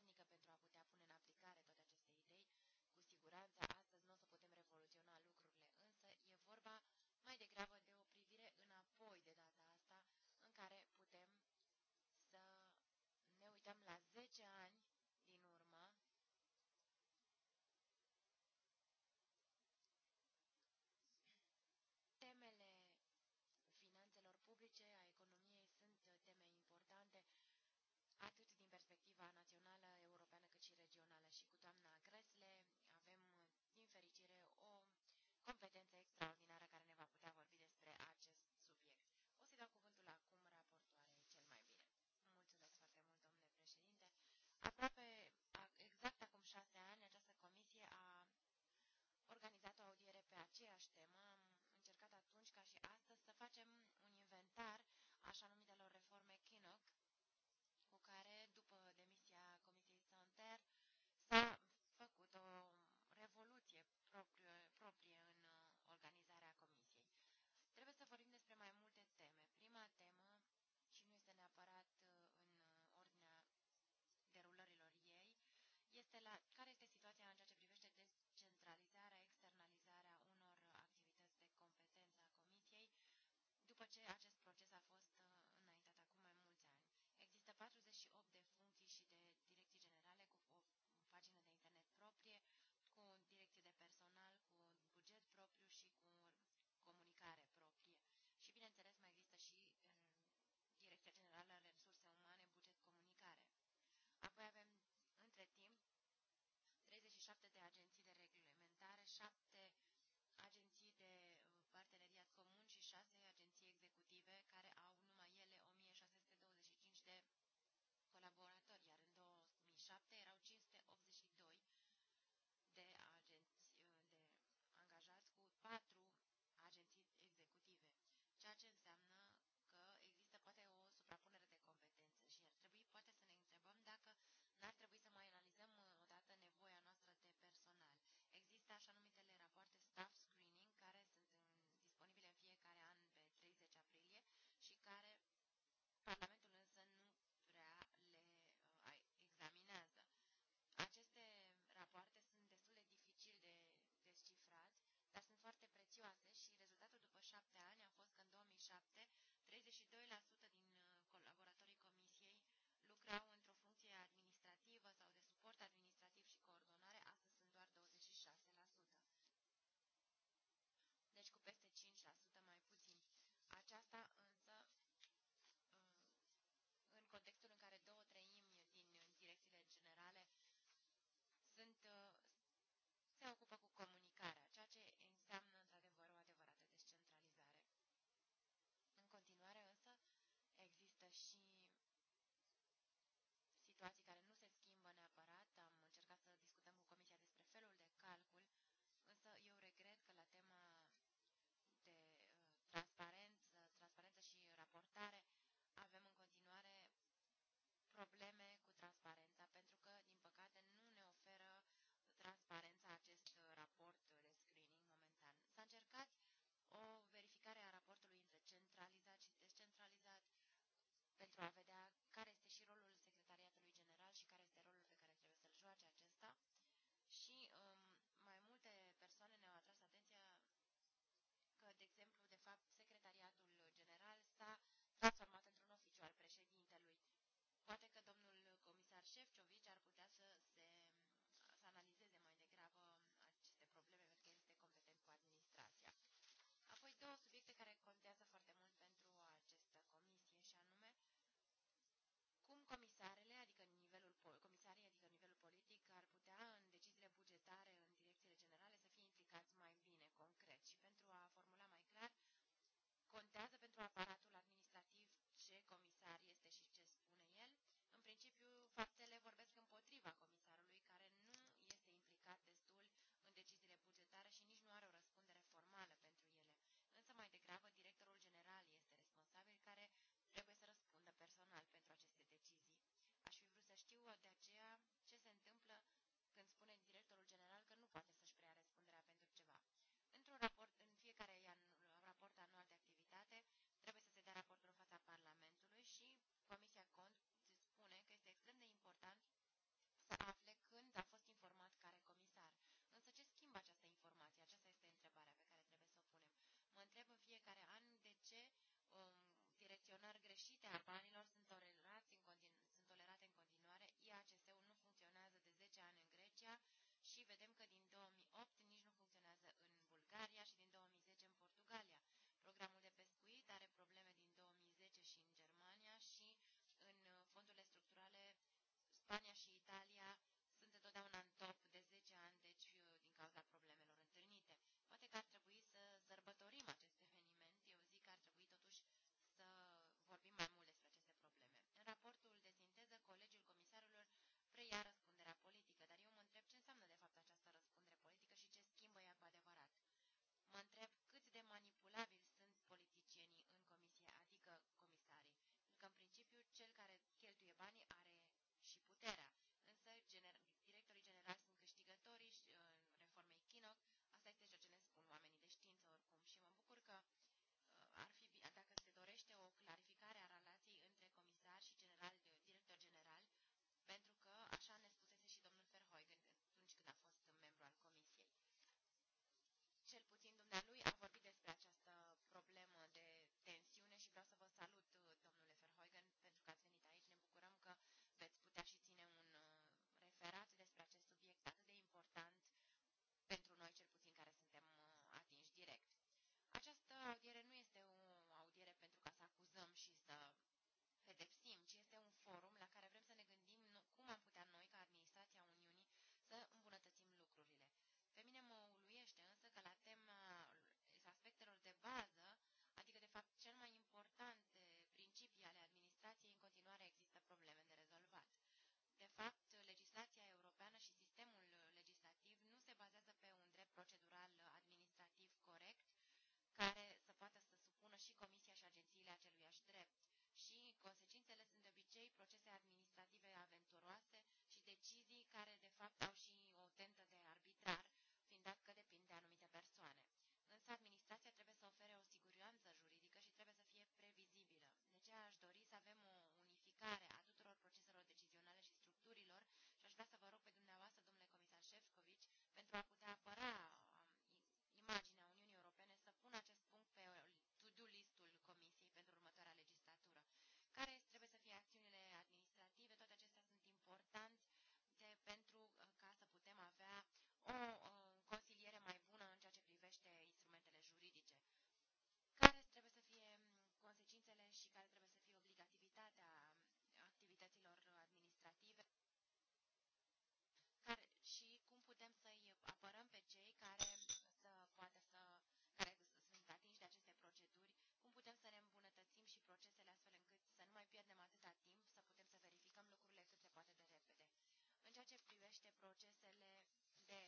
puternică pentru a putea pune în aplicare toate aceste idei. Cu siguranță, astăzi nu o să putem revoluționa lucrurile, însă e vorba mai degrabă de Aproape exact acum șase ani, această comisie a organizat o audiere pe aceeași temă. Am încercat atunci, ca și astăzi, să facem un inventar așa numitelor reforme Kinnock, Generală Resurse Umane, Buget Comunicare. Apoi avem, între timp, 37 de agenții de reglementare, 7 așa numitele rapoarte staff screening, care sunt disponibile în fiecare an pe 30 aprilie și care Parlamentul însă nu prea le uh, examinează. Aceste rapoarte sunt destul de dificil de descifrat, dar sunt foarte prețioase și rezultatul după șapte ani a fost că în 2007 vedea sfârșite a panilor sunt, în sunt tolerate în continuare, IACS-ul nu funcționează de 10 ani în Grecia și vedem că din 2008 nici nu funcționează în Bulgaria și din 2010 în Portugalia. Programul de pescuit are probleme din 2010 și în Germania și în uh, fondurile structurale Spania și Italia dumnealui a vorbit despre această problemă de tensiune și vreau să vă salut și consecințele sunt de obicei procese administrative aventuroase și decizii care de fapt au și o tentă de arbitrar, fiind dat că depind de anumite persoane. Însă administrația trebuie să ofere o siguranță juridică și trebuie să fie previzibilă. De aceea aș dori să avem o unificare a tuturor proceselor decizionale și structurilor și aș vrea să vă rog pe dumneavoastră, domnule comisar Șefcovici, pentru a putea apăra pierdem atâta timp să putem să verificăm lucrurile cât se poate de repede. În ceea ce privește procesele de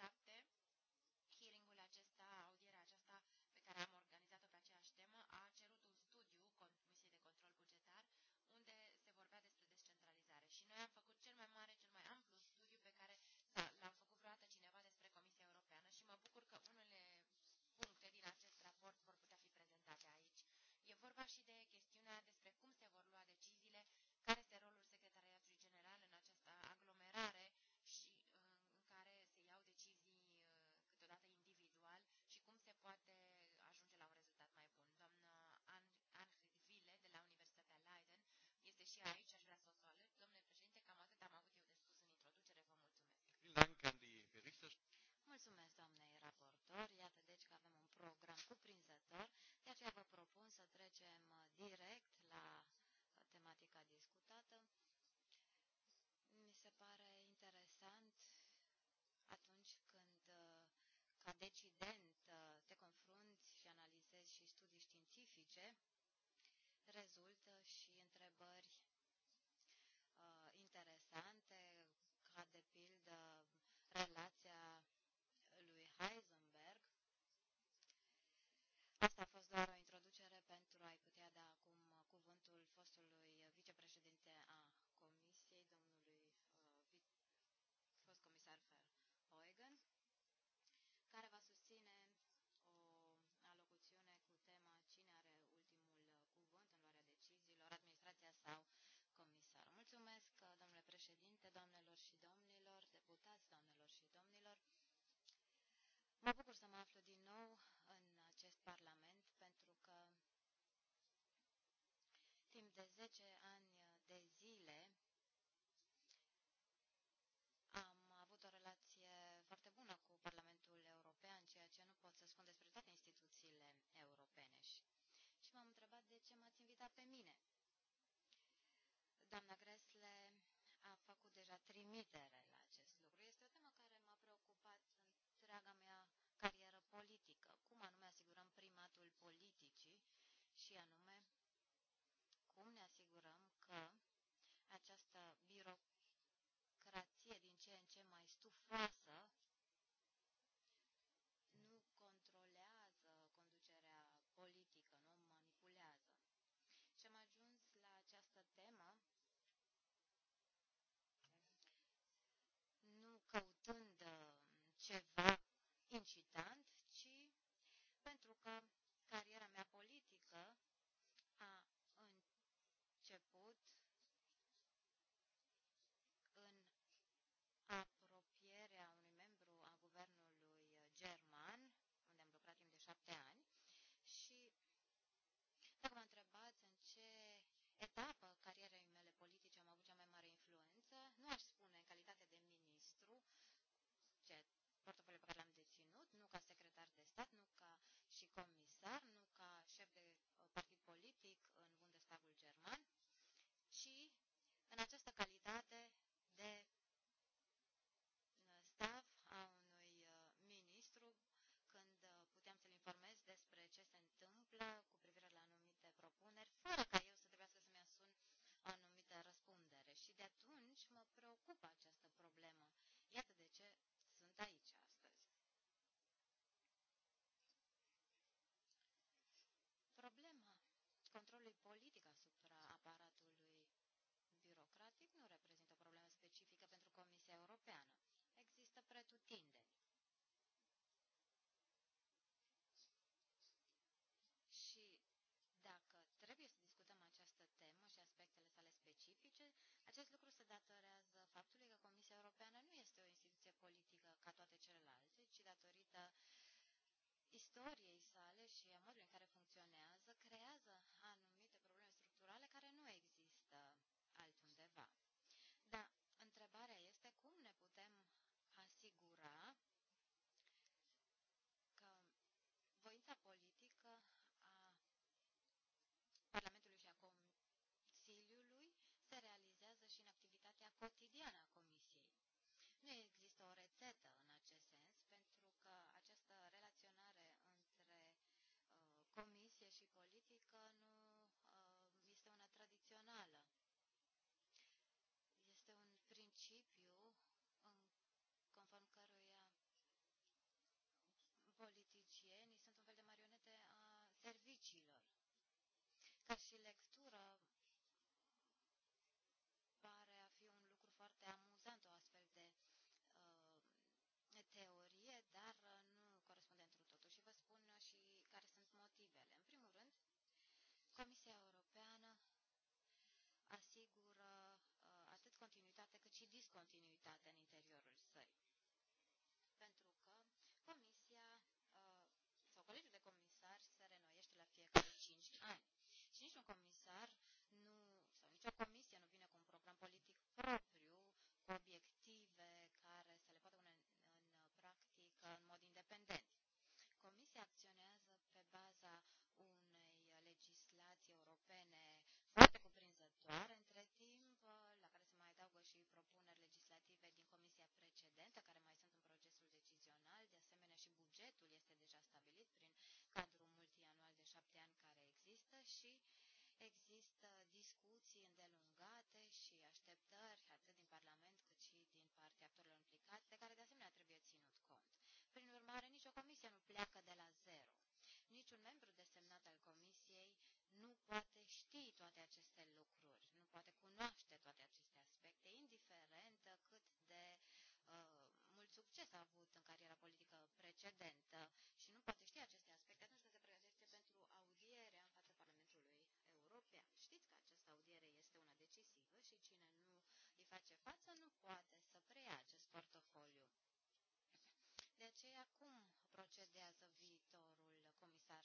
2007, hearingul acesta, audierea aceasta pe care am organizat-o pe aceeași temă, a cerut un studiu Comisiei de Control Bugetar, unde se vorbea despre descentralizare. Și noi am făcut cel mai mare, cel mai amplu studiu pe care l-am făcut vreodată cineva despre Comisia Europeană și mă bucur că unele puncte din acest raport vor putea fi prezentate aici. E vorba și de chestiunea despre cum se vor lua decizii aici aș vrea să o salut. Domnule președinte, cam atât am avut eu de spus în introducere. Vă mulțumesc. Mulțumesc, doamnei raportor. Iată, deci, că avem un program cuprinzător. De aceea vă propun să trecem uh, direct la tematica discutată. Mi se pare interesant atunci când, uh, ca decide Mă bucur să mă aflu din nou în acest Parlament pentru că timp de 10 ani de zile am avut o relație foarte bună cu Parlamentul European, ceea ce nu pot să spun despre toate instituțiile europene. Și, m-am întrebat de ce m-ați invitat pe mine. Doamna Gresle a făcut deja trimitere la și anume cum ne asigurăm că această birocrație din ce în ce mai stufoasă nu controlează conducerea politică, nu manipulează. Și am ajuns la această temă nu căutând uh, ceva incitant, această calitate de uh, staff a unui uh, ministru, când uh, puteam să-l informez despre ce se întâmplă cu privire la anumite propuneri, fără ca eu să trebuiască să-mi asum o anumită răspundere. Și de atunci mă preocupă această problemă. Iată de ce sunt aici astăzi. Problema controlului politic Europeană. Există pretutindeni. Și dacă trebuie să discutăm această temă și aspectele sale specifice, acest lucru se datorează faptului că Comisia Europeană nu este o instituție politică ca toate celelalte, ci datorită istoriei sale și a modului în care funcționează, cotidiană a Comisiei. Nu există o rețetă în acest sens, pentru că această relaționare între uh, Comisie și politică nu uh, este una tradițională. Este un principiu conform căruia politicienii sunt un fel de marionete a serviciilor. Ca și lectură, continuitate în interiorul sării. Pentru că comisia uh, sau colegiul de comisari se renoiește la fiecare 5 ani. Și niciun comisar nu, sau nicio comisie bugetul este deja stabilit prin cadrul multianual de șapte ani care există și există discuții îndelungate și așteptări atât din Parlament cât și din partea actorilor implicați, de care de asemenea trebuie ținut cont. Prin urmare, nicio comisie nu pleacă de la zero. Niciun membru desemnat al comisiei nu poate ști toate aceste lucruri. și cine nu îi face față nu poate să preia acest portofoliu. De aceea, cum procedează viitorul comisar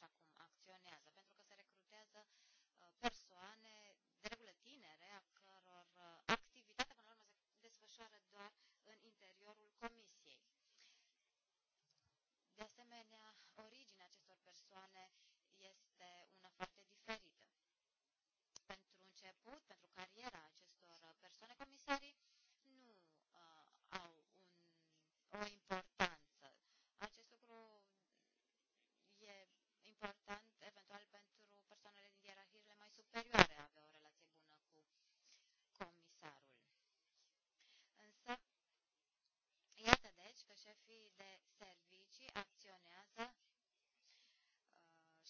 așa cum acționează, pentru că se recrutează uh, persoane, de regulă tinere, a căror uh, activitate, până la urmă, se desfășoară doar în interiorul comisiei. De asemenea, originea acestor persoane este una foarte diferită. Pentru început, pentru cariera acestor uh, persoane, comisarii nu uh, au un, o importanță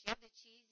acea decizie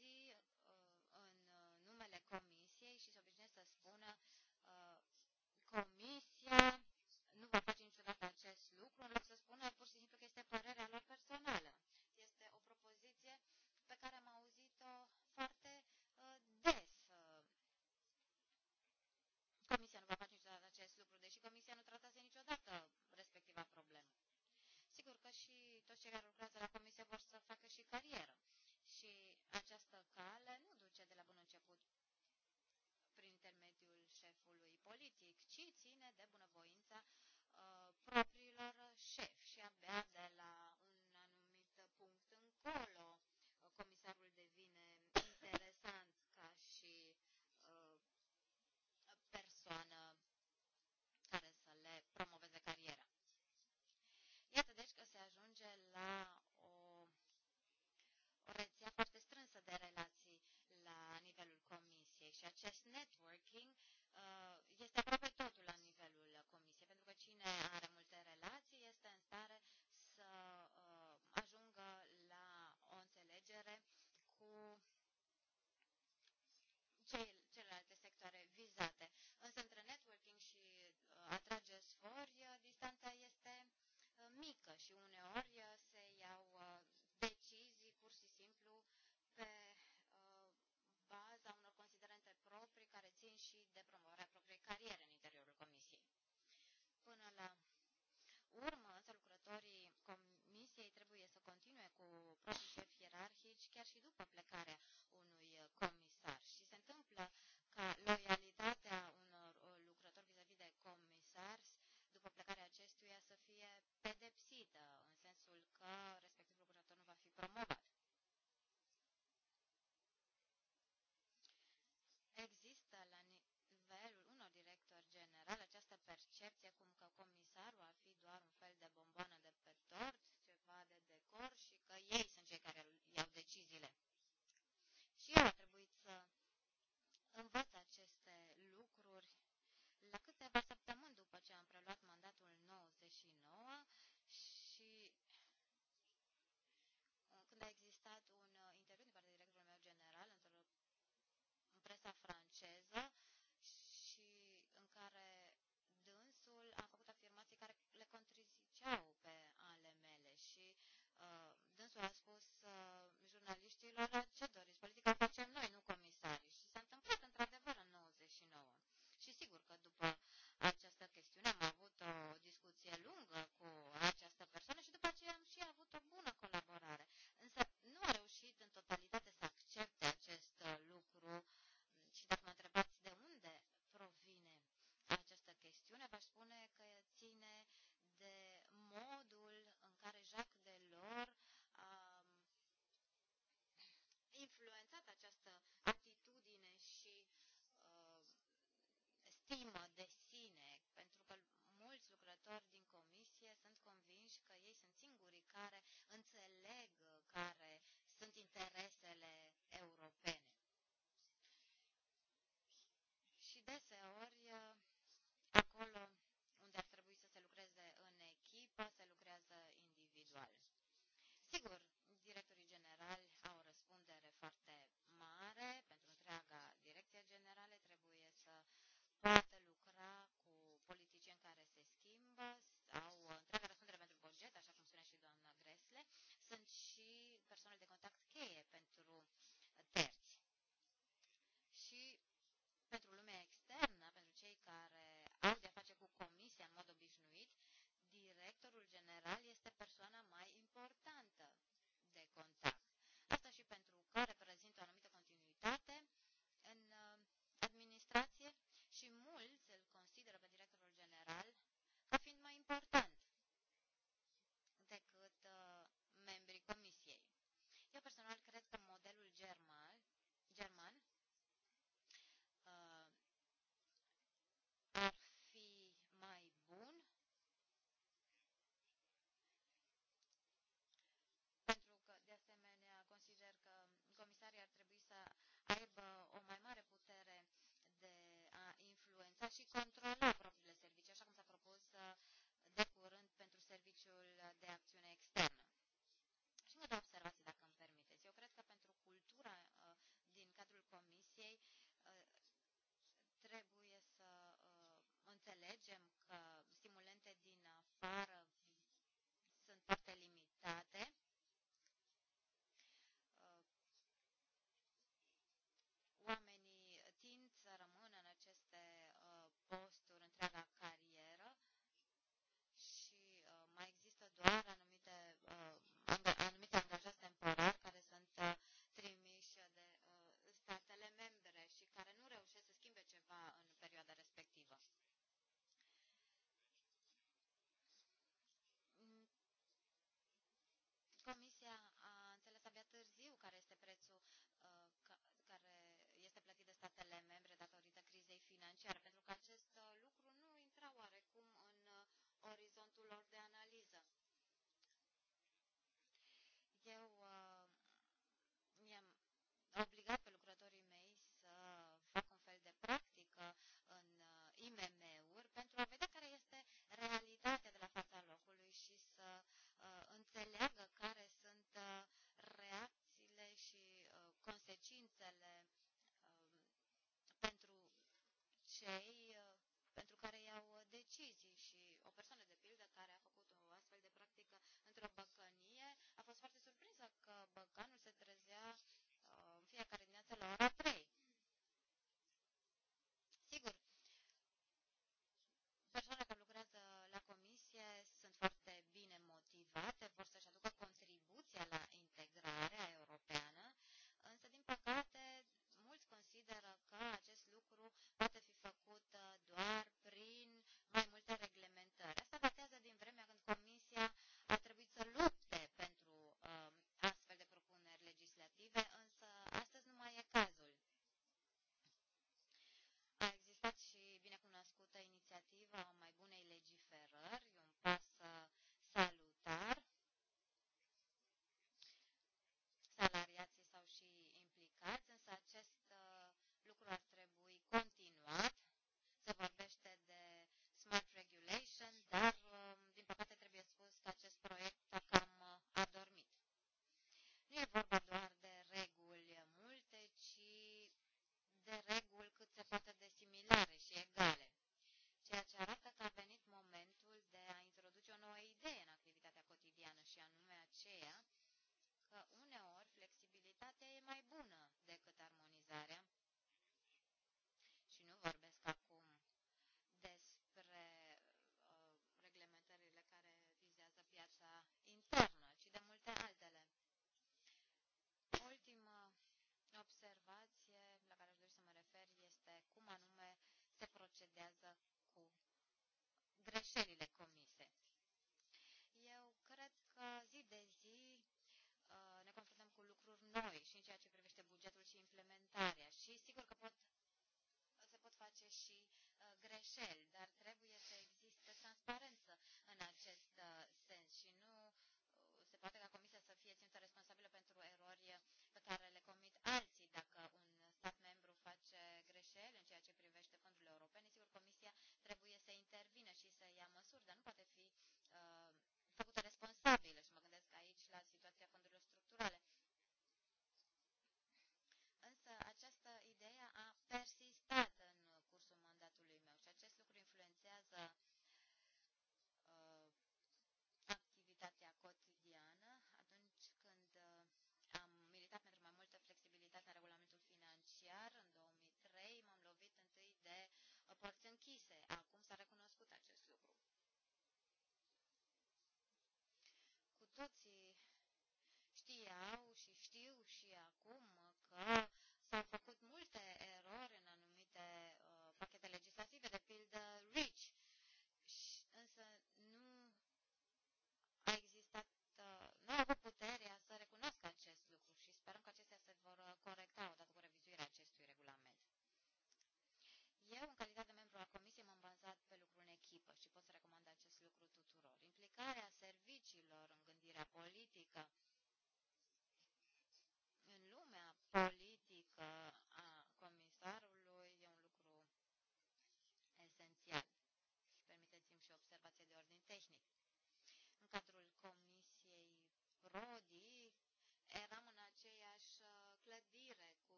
obicei,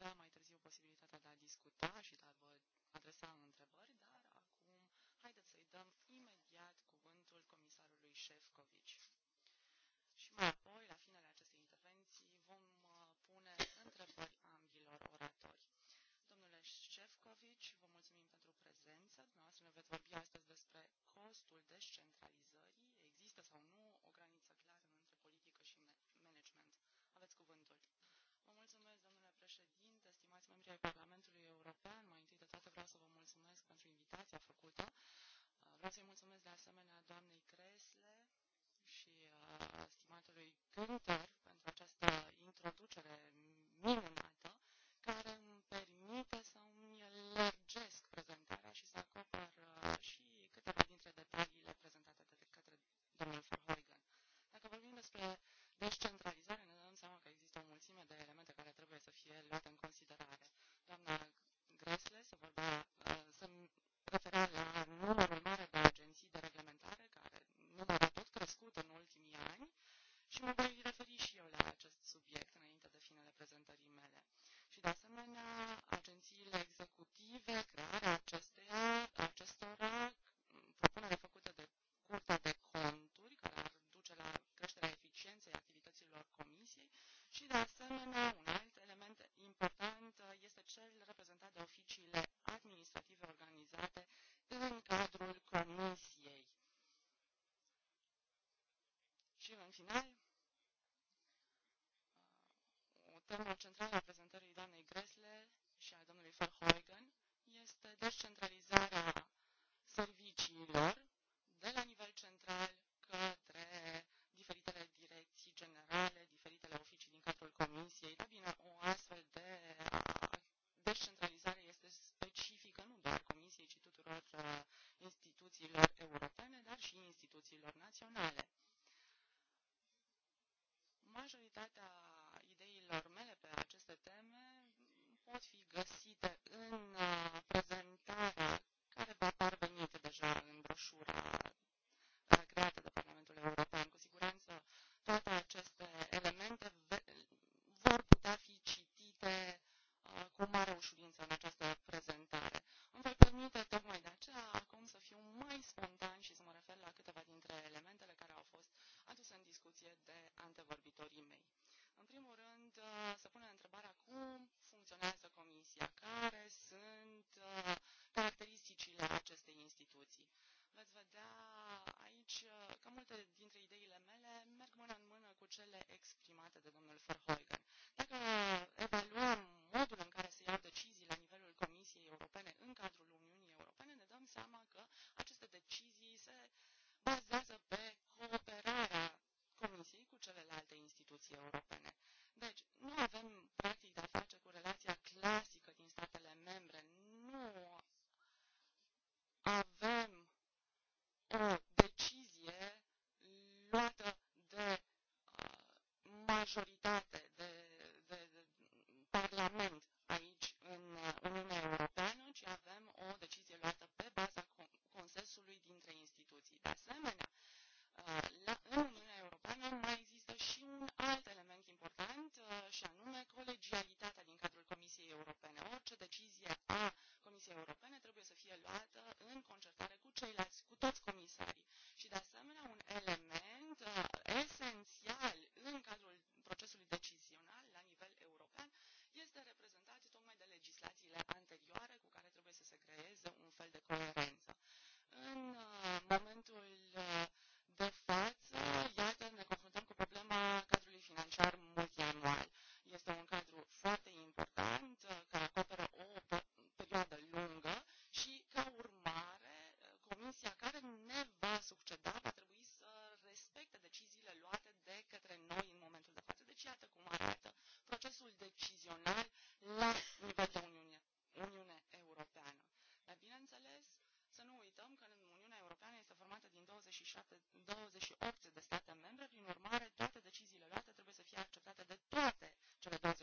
avea mai târziu posibilitatea de a discuta și de a vă adresa întrebări, dar acum haideți să-i dăm imediat cuvântul comisarului Șefcovici. Și mai apoi, la finele acestei intervenții, vom uh, pune întrebări ambilor oratori. Domnule Șefcovici, vă mulțumim pentru prezență. Dumneavoastră ne veți vorbi astăzi despre costul descentralizării. Există sau nu o graniță clară? președinte, stimați membri ai Parlamentului European, mai întâi de toate vreau să vă mulțumesc pentru invitația făcută. Uh, vreau să-i mulțumesc de asemenea doamnei Cresle și uh, stimatului Günther pentru această introducere minunată original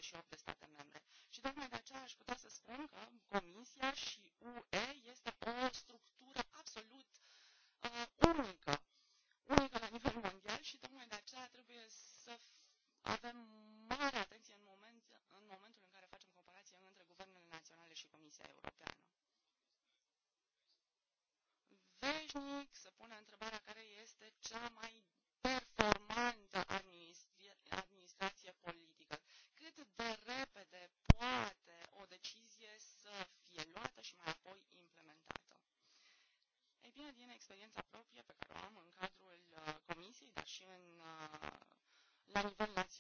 68 la nivel național.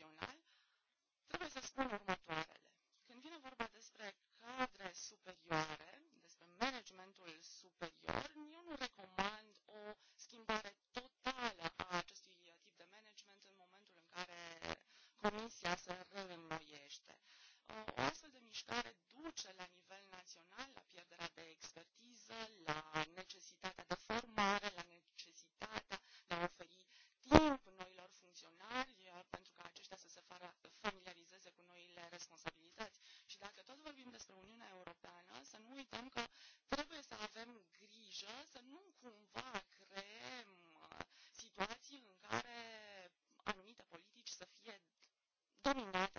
terminat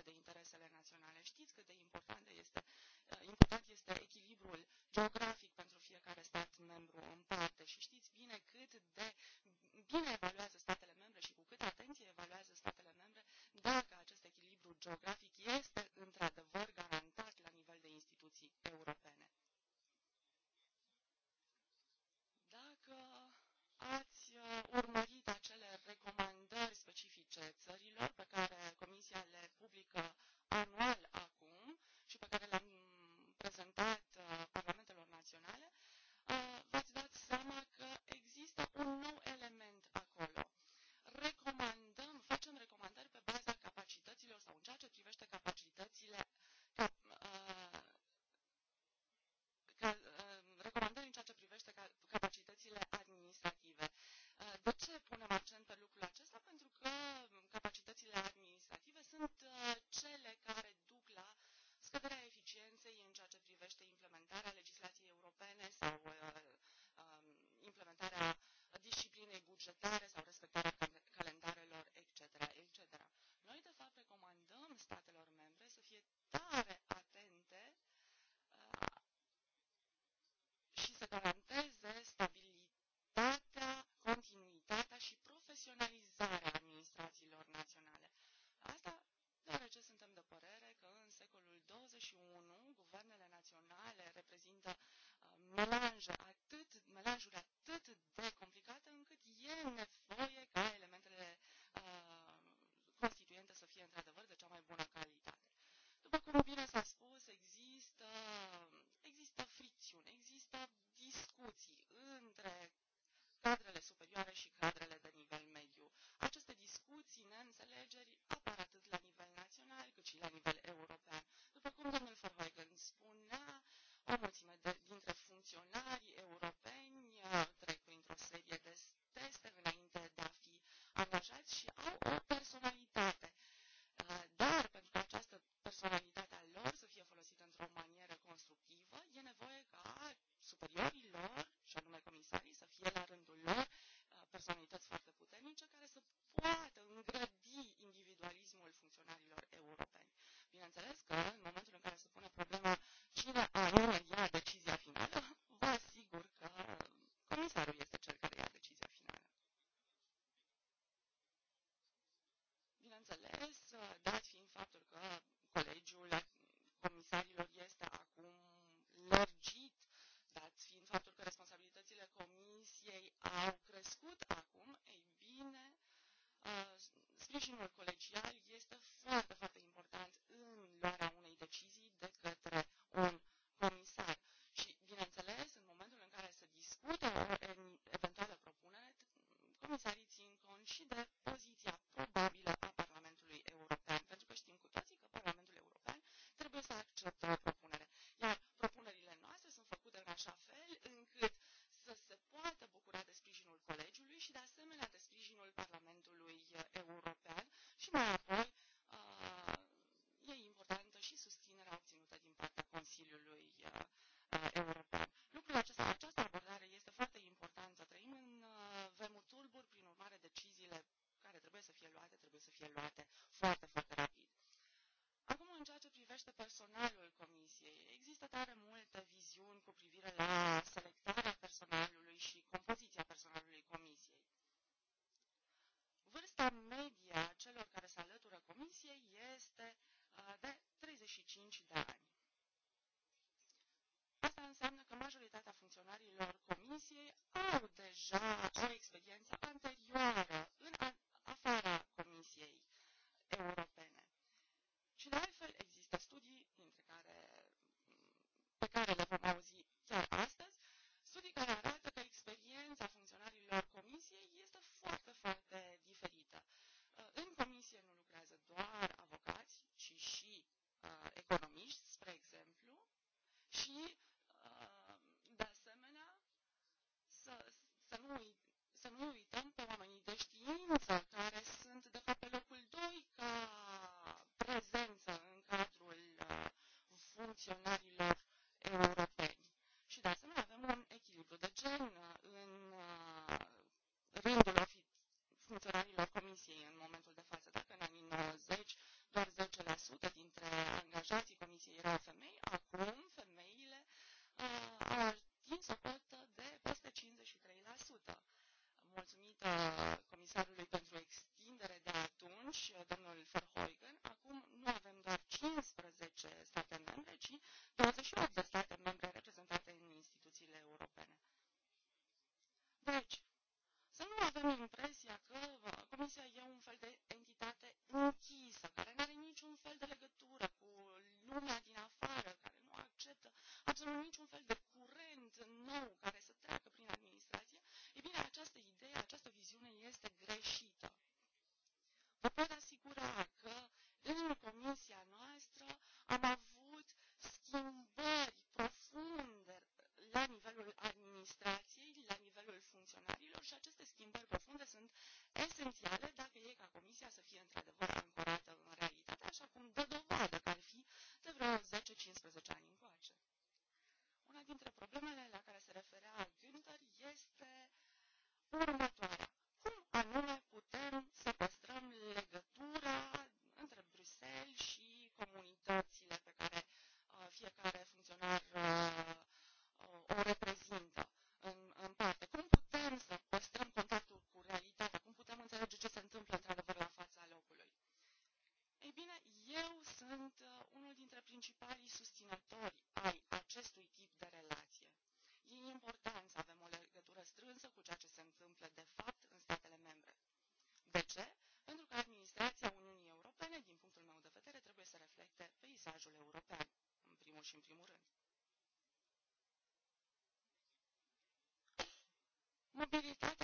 sprijinul activitate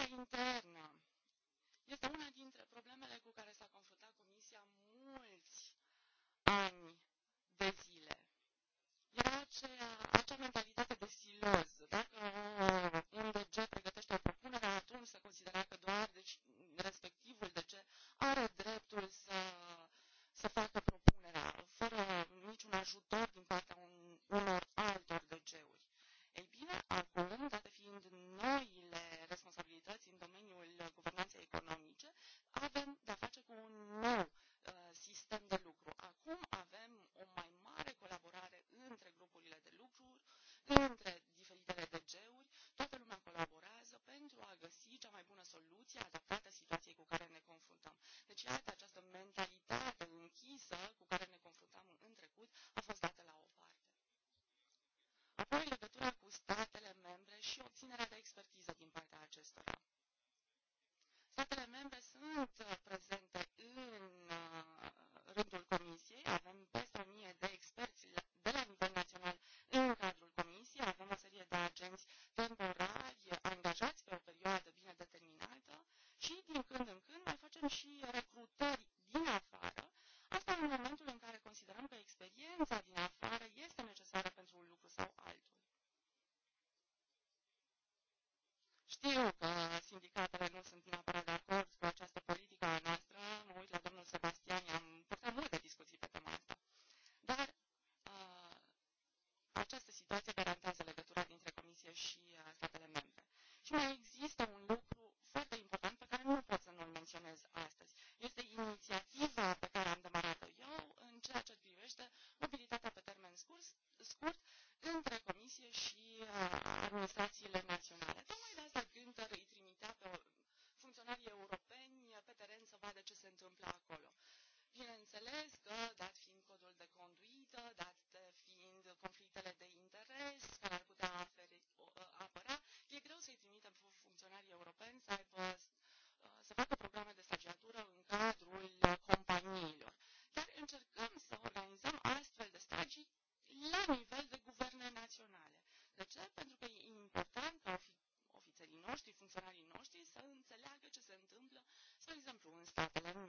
statelor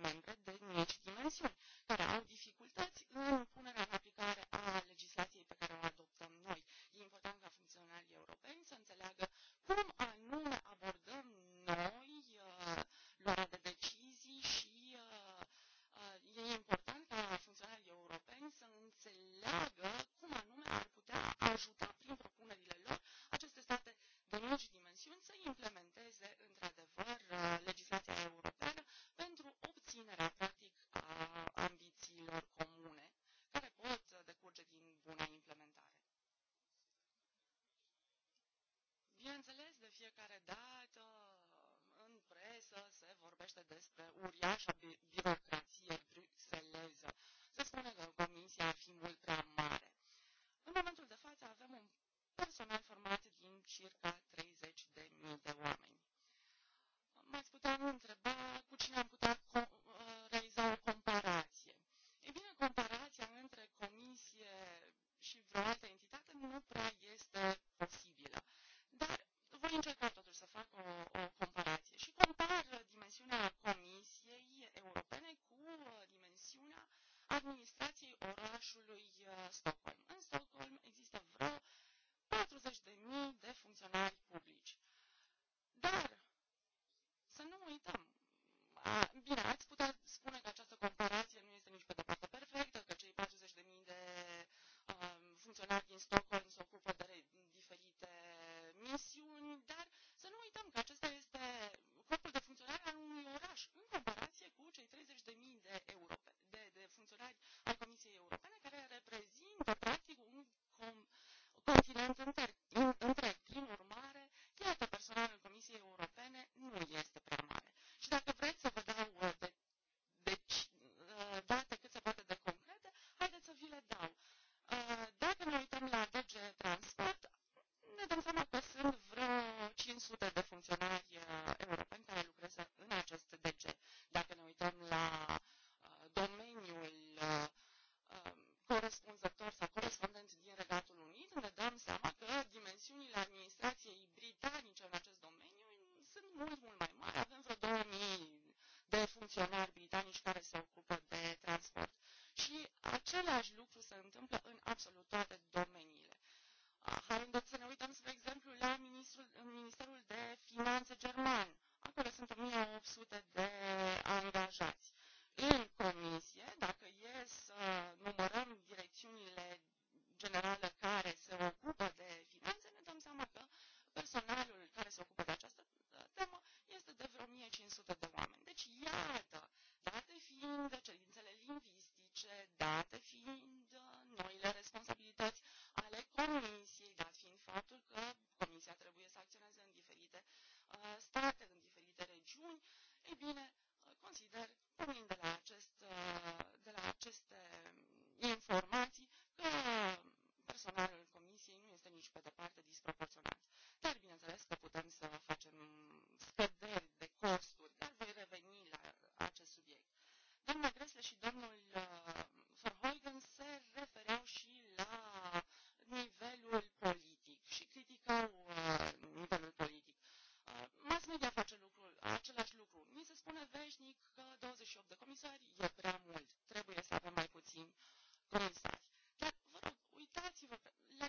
funcționari britanici care se ocupă de transport. Și același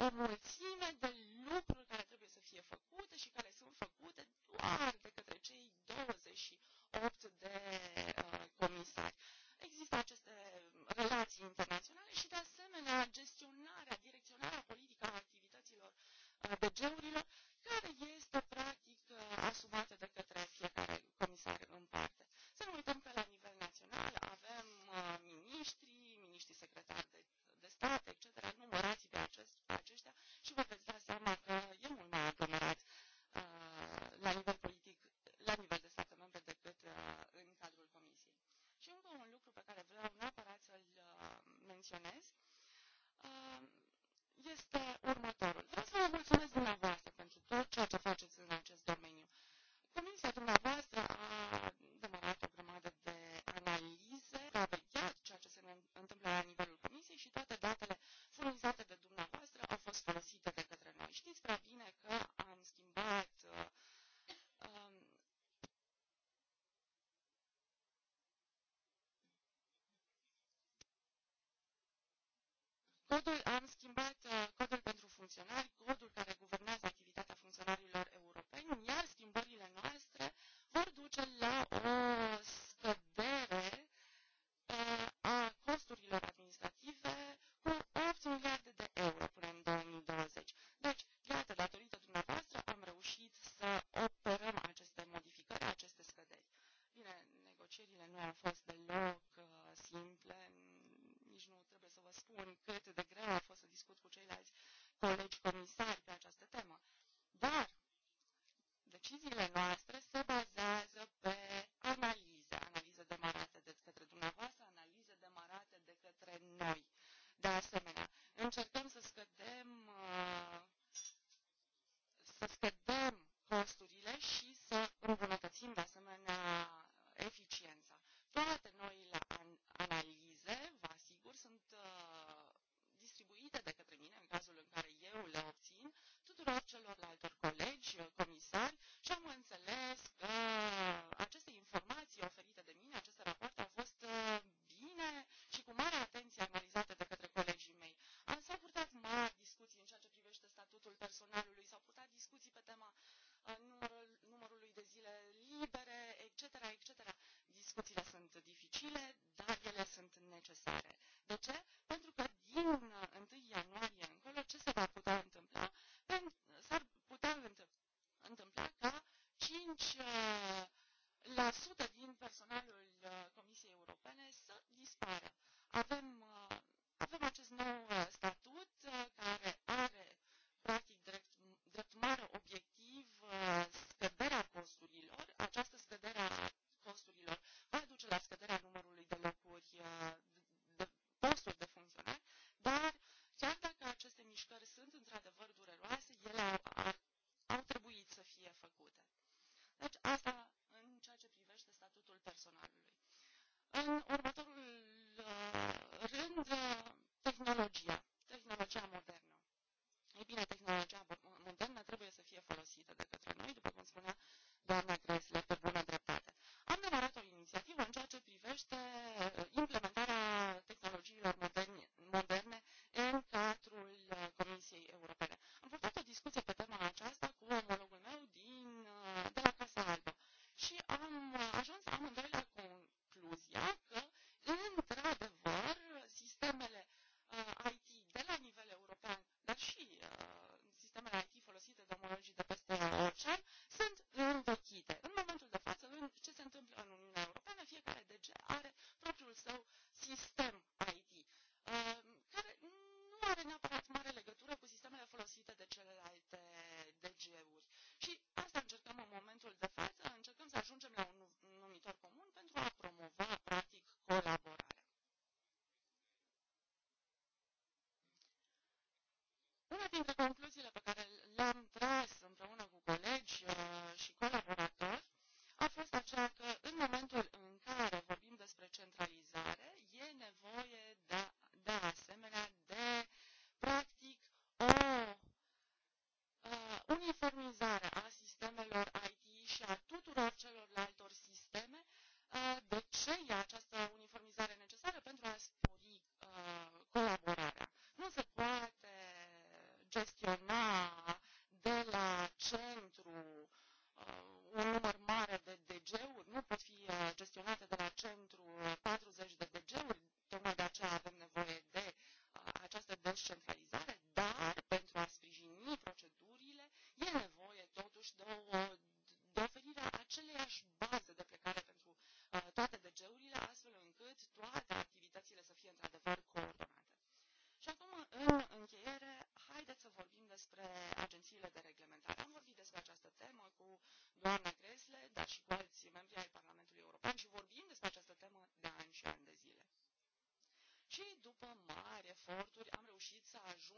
o comisar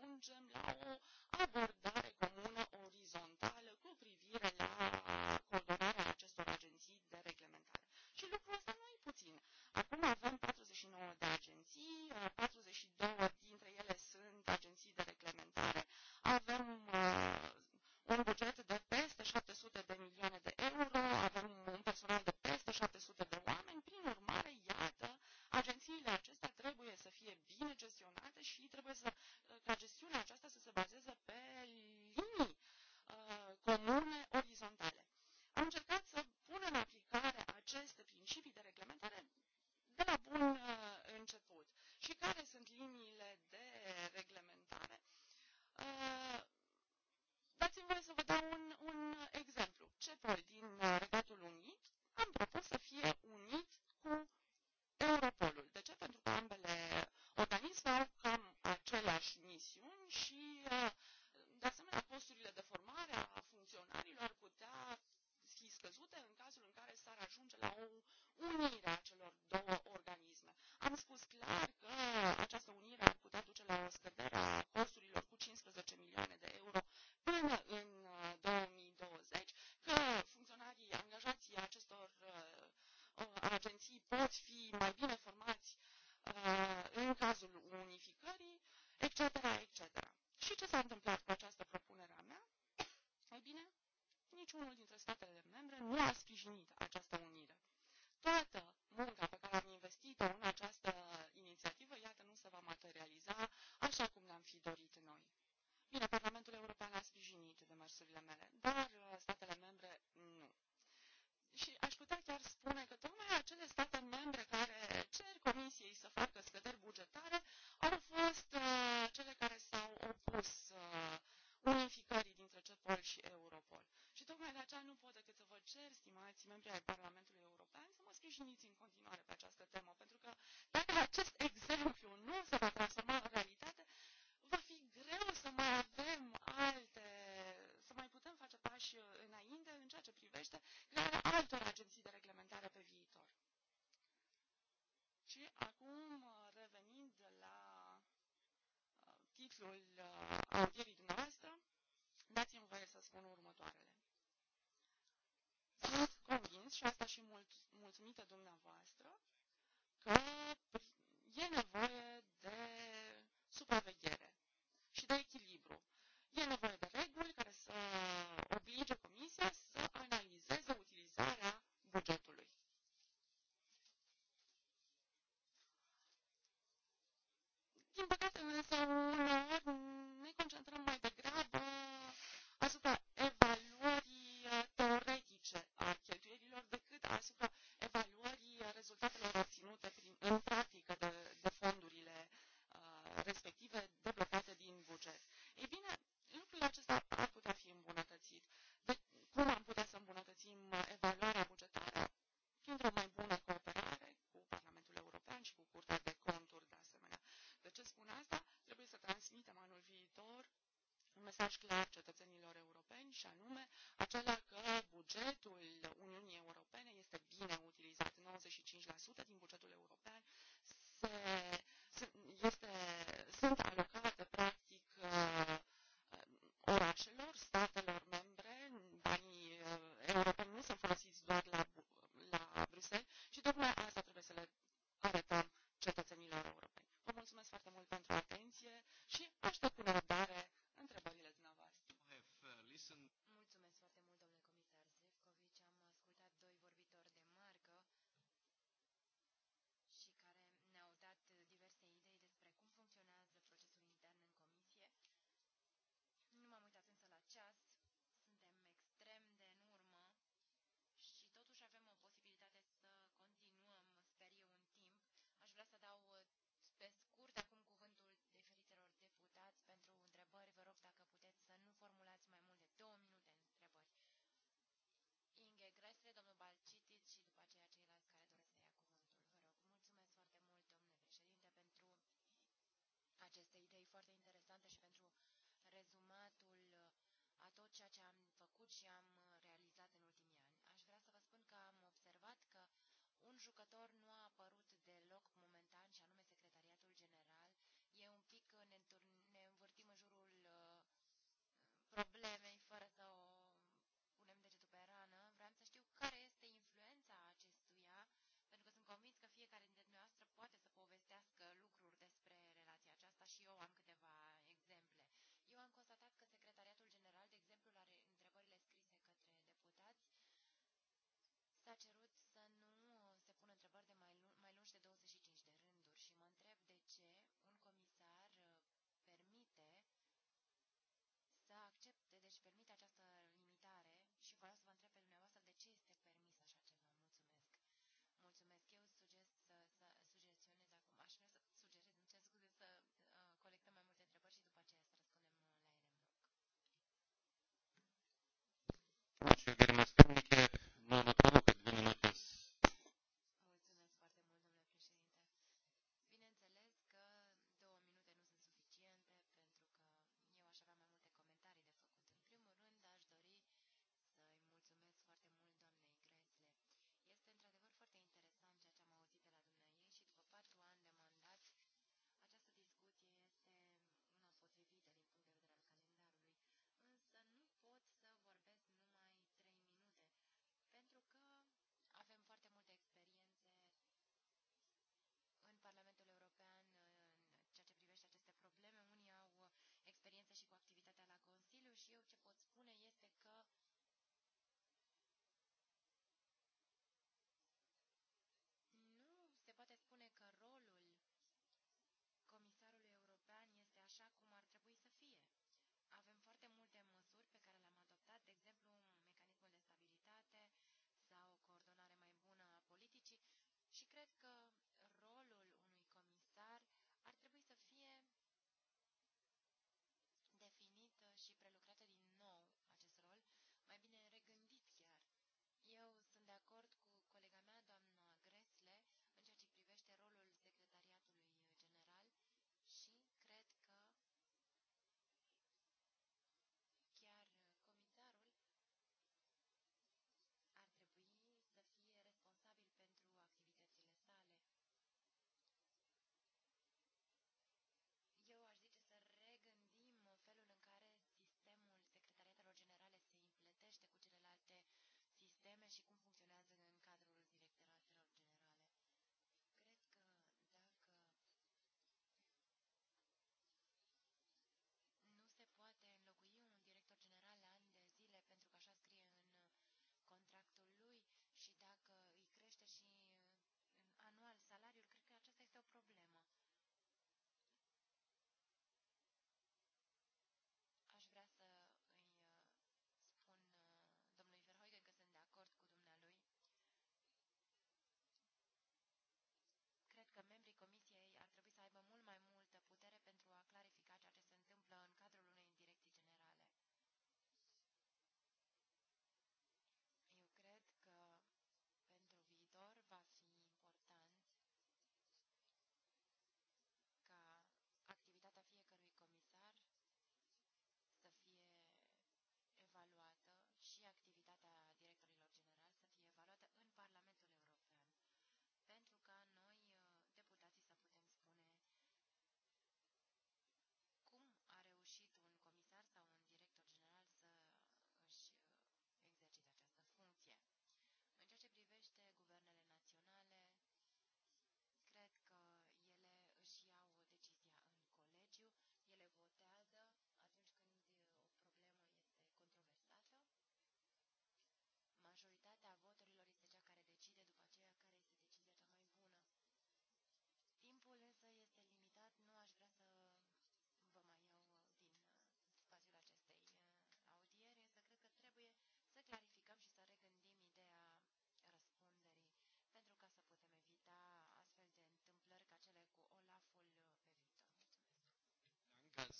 ajungem la o poți fi mai bine formați uh, în cazul unificării, etc., etc. Și ce s-a întâmplat? acest și anume acela ulașabilmesinin için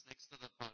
next to the bulb.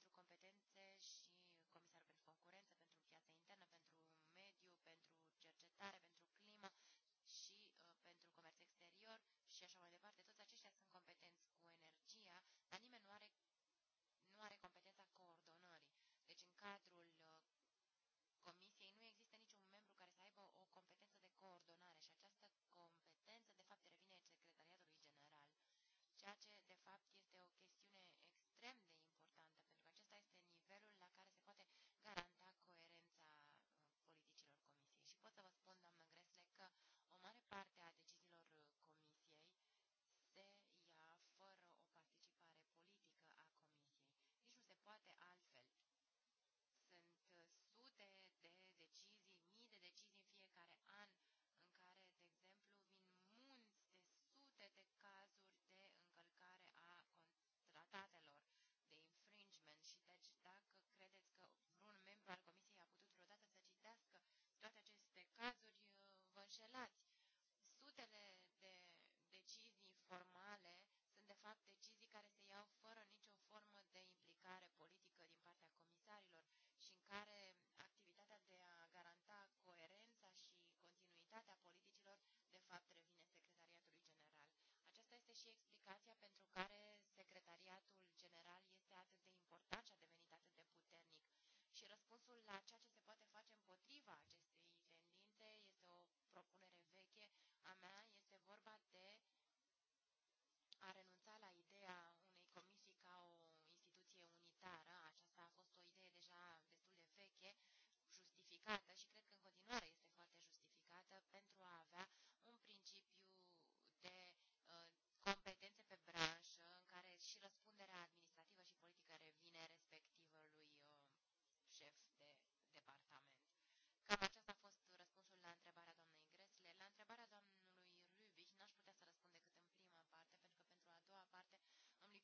pentru competențe și comisar pentru concurență, pentru interpelați. Sutele de decizii formale sunt de fapt decizii care se iau fără nicio formă de implicare politică din partea comisarilor și în care activitatea de a garanta coerența și continuitatea politicilor de fapt revine Secretariatului General. Aceasta este și explicația pentru care Secretariatul General este atât de important și a devenit atât de puternic. Și răspunsul la ceea ce se poate face împotriva acestui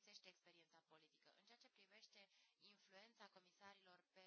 departe, îmi lipsește experiența politică. În ceea ce privește influența comisarilor pe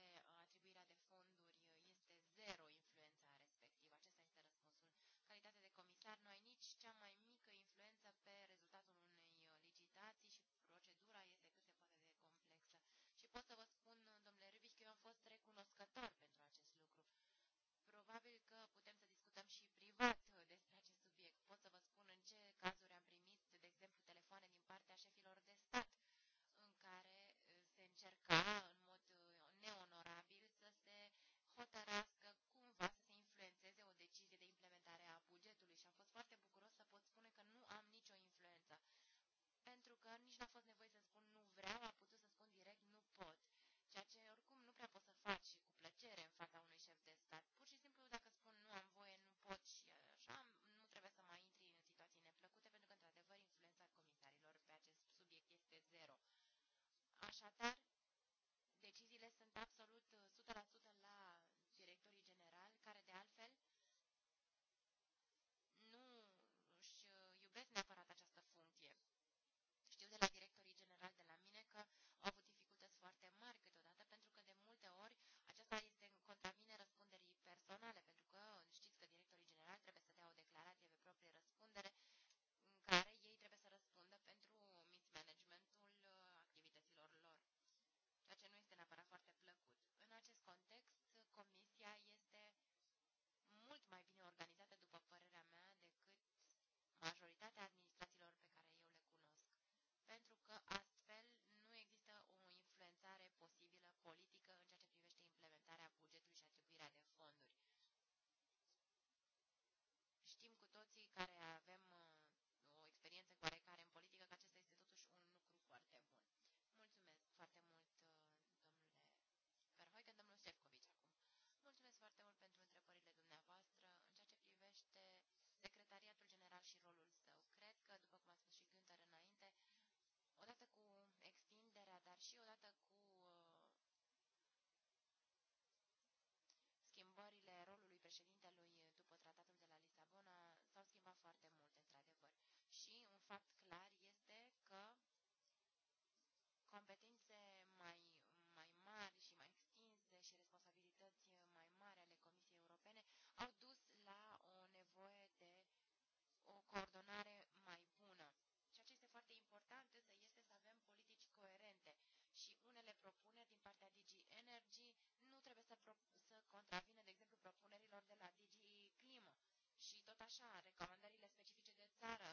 Așa, recomandările specifice de țară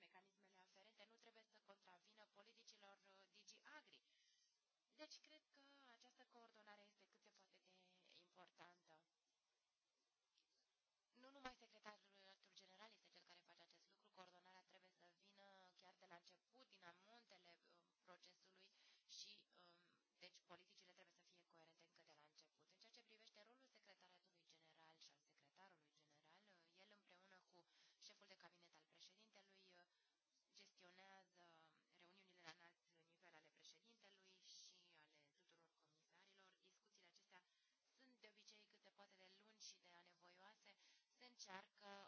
și mecanismele aferente nu trebuie să contravină politicilor uh, Digi Agri. Deci, cred că această coordonare este cât se poate de importantă. Nu numai secretarul general este cel care face acest lucru, coordonarea trebuie să vină chiar de la început, din amontele uh, procesului și, um, deci, politicii încearcă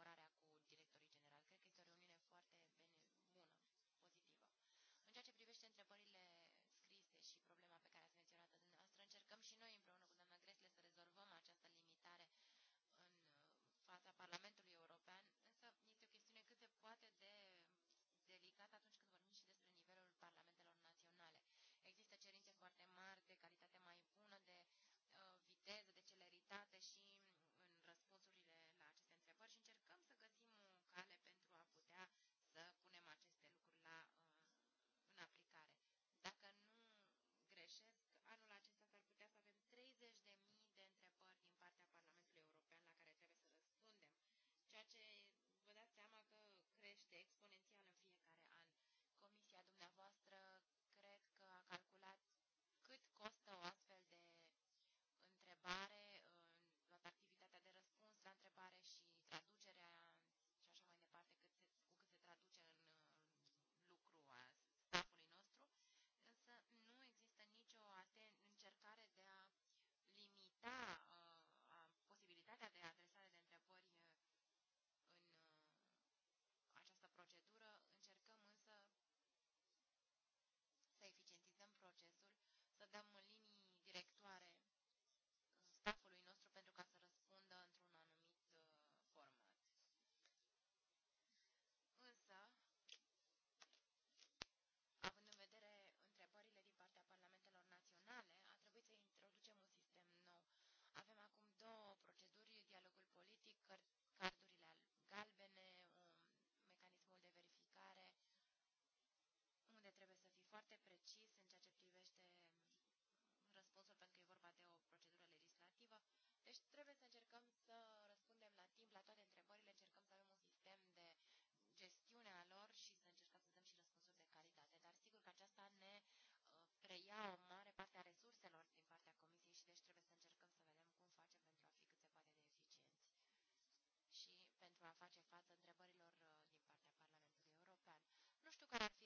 colaborarea cu directorii generali. Cred că este o reuniune foarte bună, pozitivă. În ceea ce privește întrebările scrise și problema pe care ați menționat-o dumneavoastră, încercăm și noi împreună cu doamna Gresle să rezolvăm această limitare în uh, fața Parlamentului. dăm link Deci trebuie să încercăm să răspundem la timp la toate întrebările, încercăm să avem un sistem de gestiune a lor și să încercăm să dăm și răspunsuri de calitate. Dar sigur că aceasta ne uh, preia o mare parte a resurselor din partea Comisiei și deci trebuie să încercăm să vedem cum facem pentru a fi cât se poate de eficienți și pentru a face față întrebărilor uh, din partea Parlamentului European. Nu știu care ar fi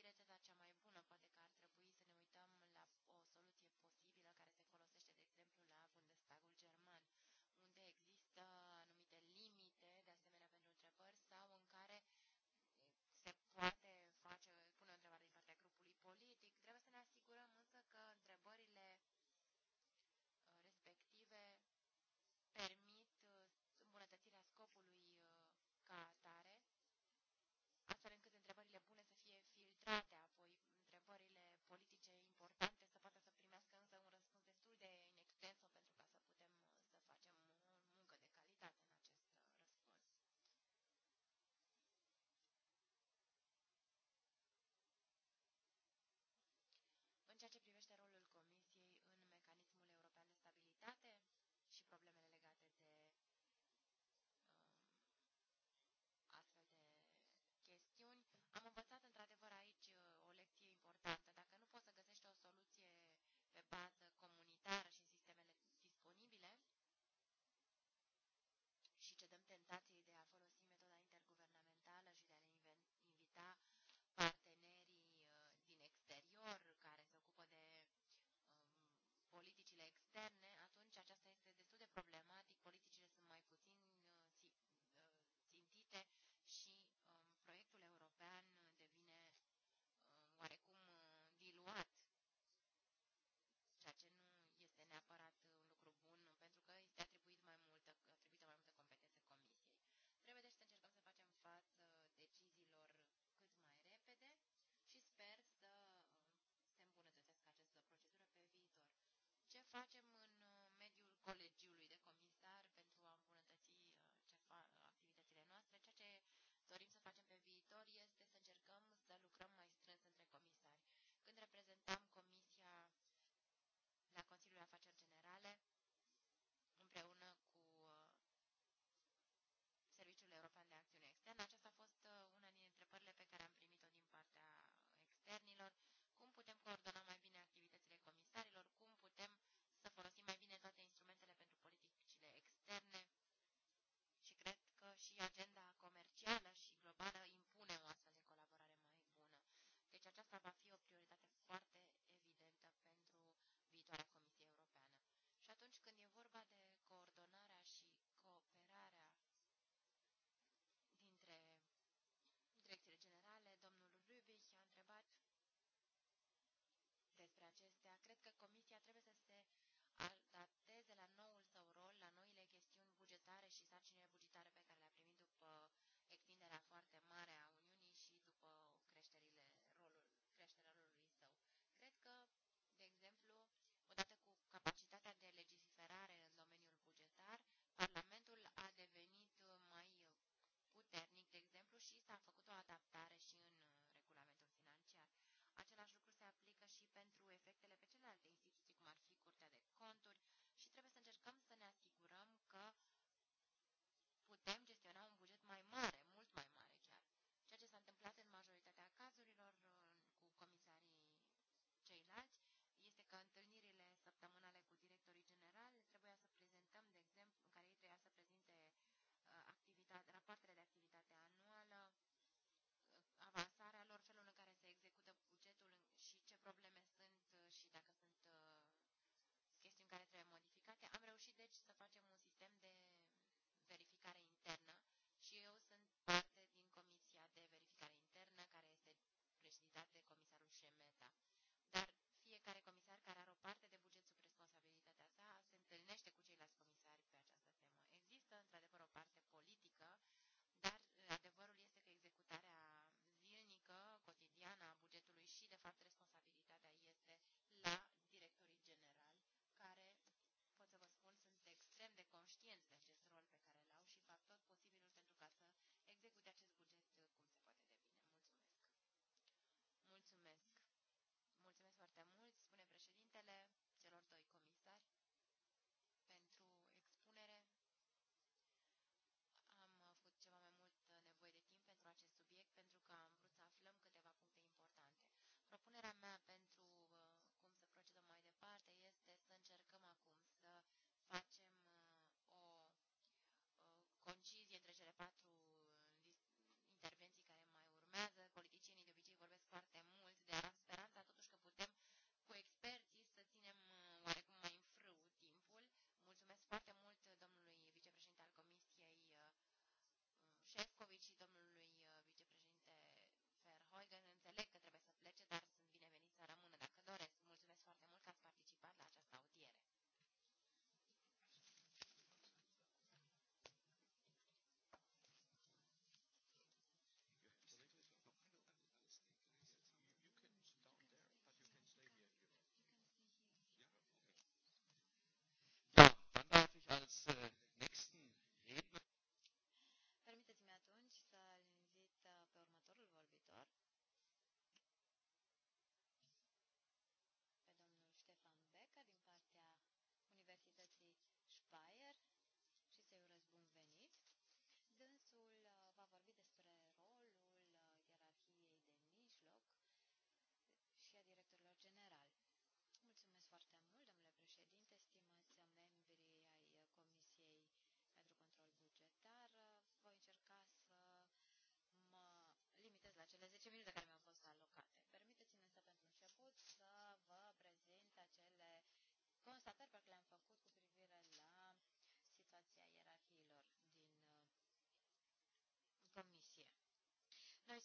facem cred că Comisia trebuie să efectele pe celelalte instituții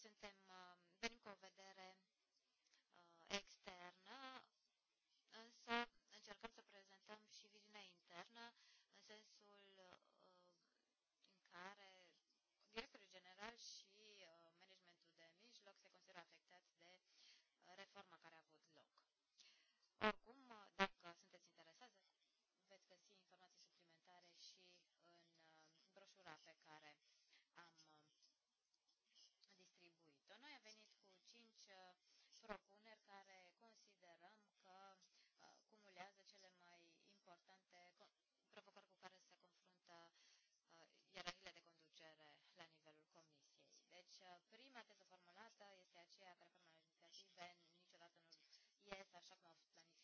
suntem uh, Lumea teză formulată este aceea că reforma legislative niciodată nu ies așa cum a fost planificat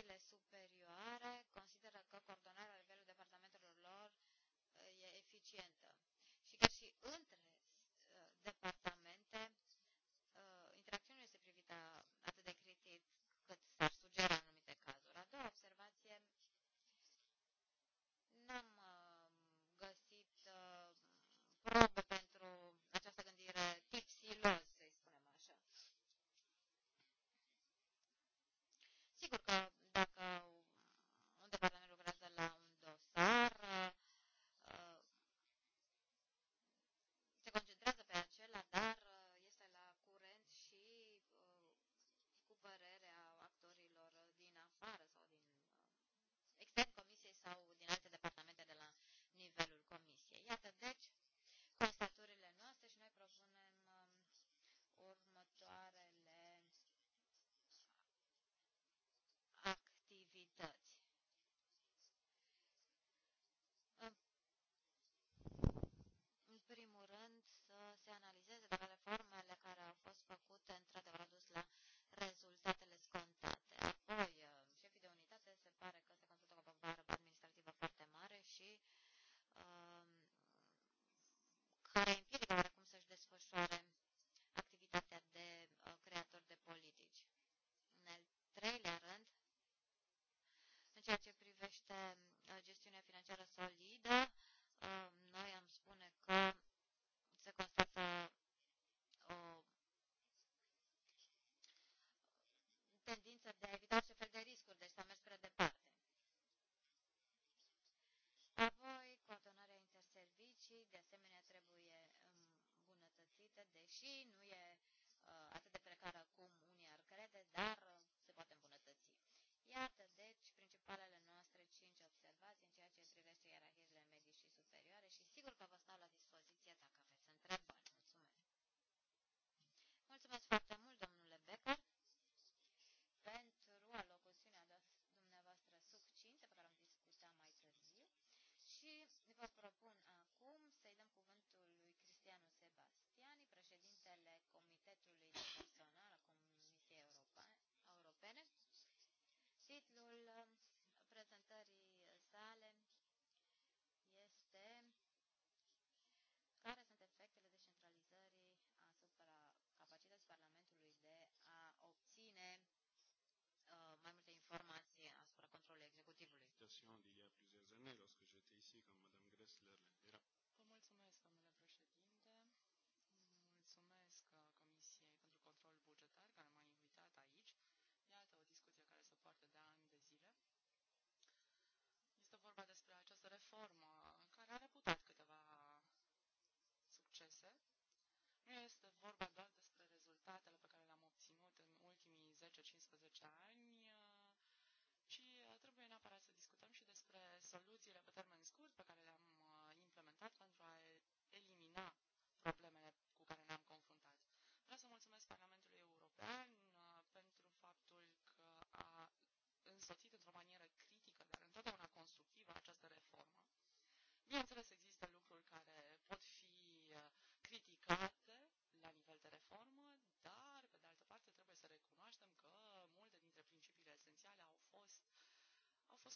Instituțiile superioare consideră că coordonarea la nivelul departamentelor lor e eficientă și că și între care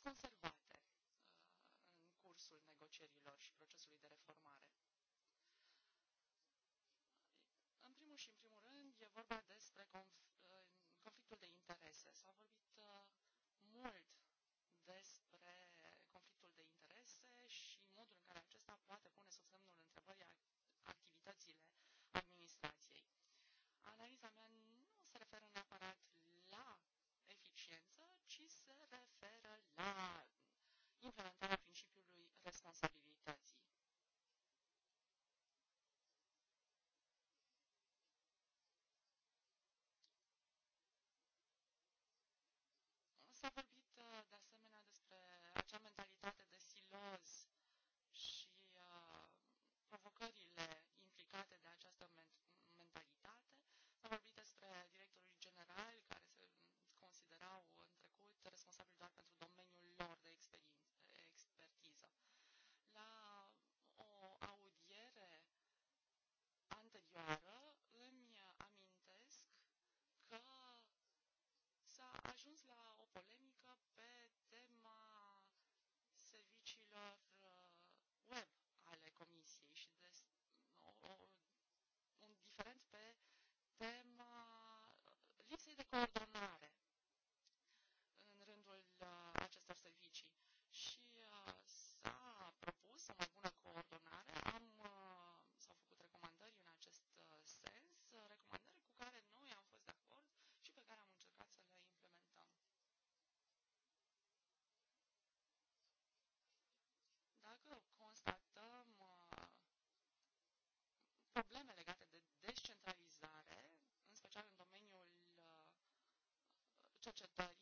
conservare. cercetării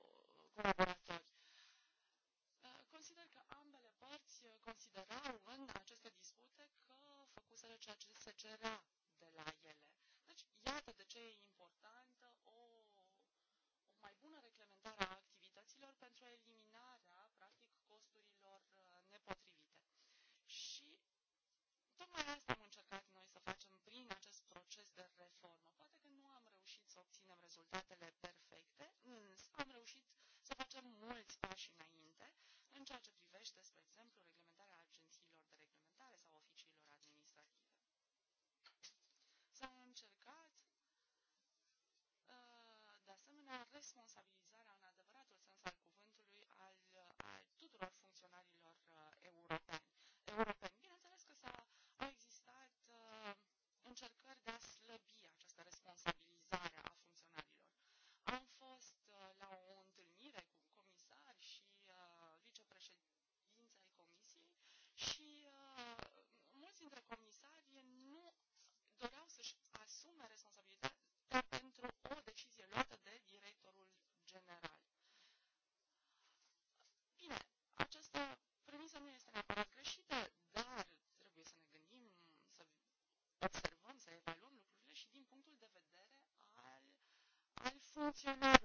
pași înainte. funcționare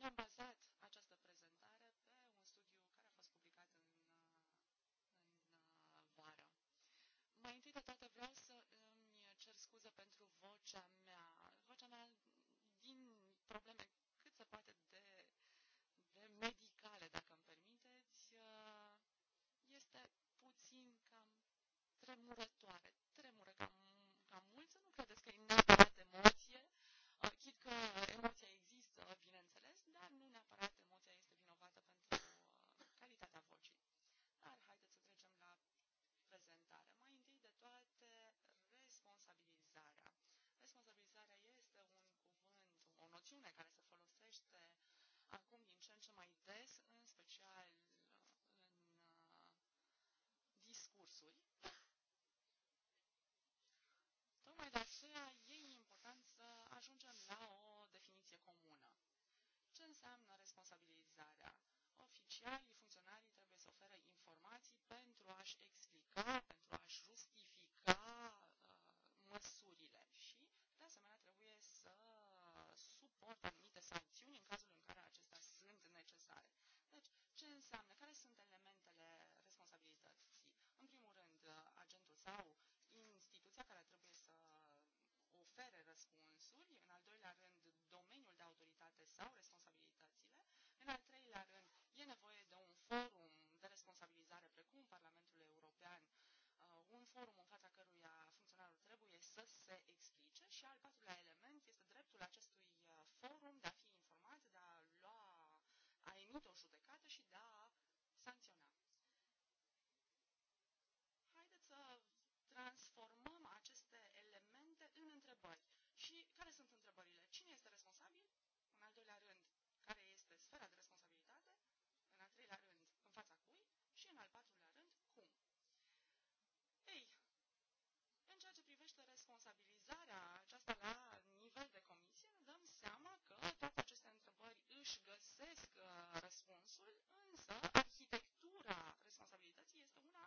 Mi-am bazat această prezentare pe un studiu care a fost publicat în, în vară. Mai întâi de toate vreau să îmi cer scuze pentru vocea mea. Vocea mea din probleme noțiune care se folosește acum din ce în ce mai des, în special în uh, discursuri. Tocmai de aceea e important să ajungem la o definiție comună. Ce înseamnă responsabilizarea? Oficialii, funcționarii trebuie să ofere informații pentru a-și explica, pentru a-și justifica uh, măsurile și, de asemenea, trebuie să vor anumite sancțiuni în cazul în care acestea sunt necesare. Deci, ce înseamnă? Care sunt elementele responsabilității? În primul rând, uh, agentul sau instituția care trebuie să ofere răspunsuri, în al doilea rând, domeniul de autoritate sau responsabilitățile, în al treilea rând, e nevoie de un forum de responsabilizare precum Parlamentul European, uh, un forum în fața căruia funcționarul trebuie să se explice și al patrulea element este își găsesc uh, răspunsul, însă arhitectura responsabilității este una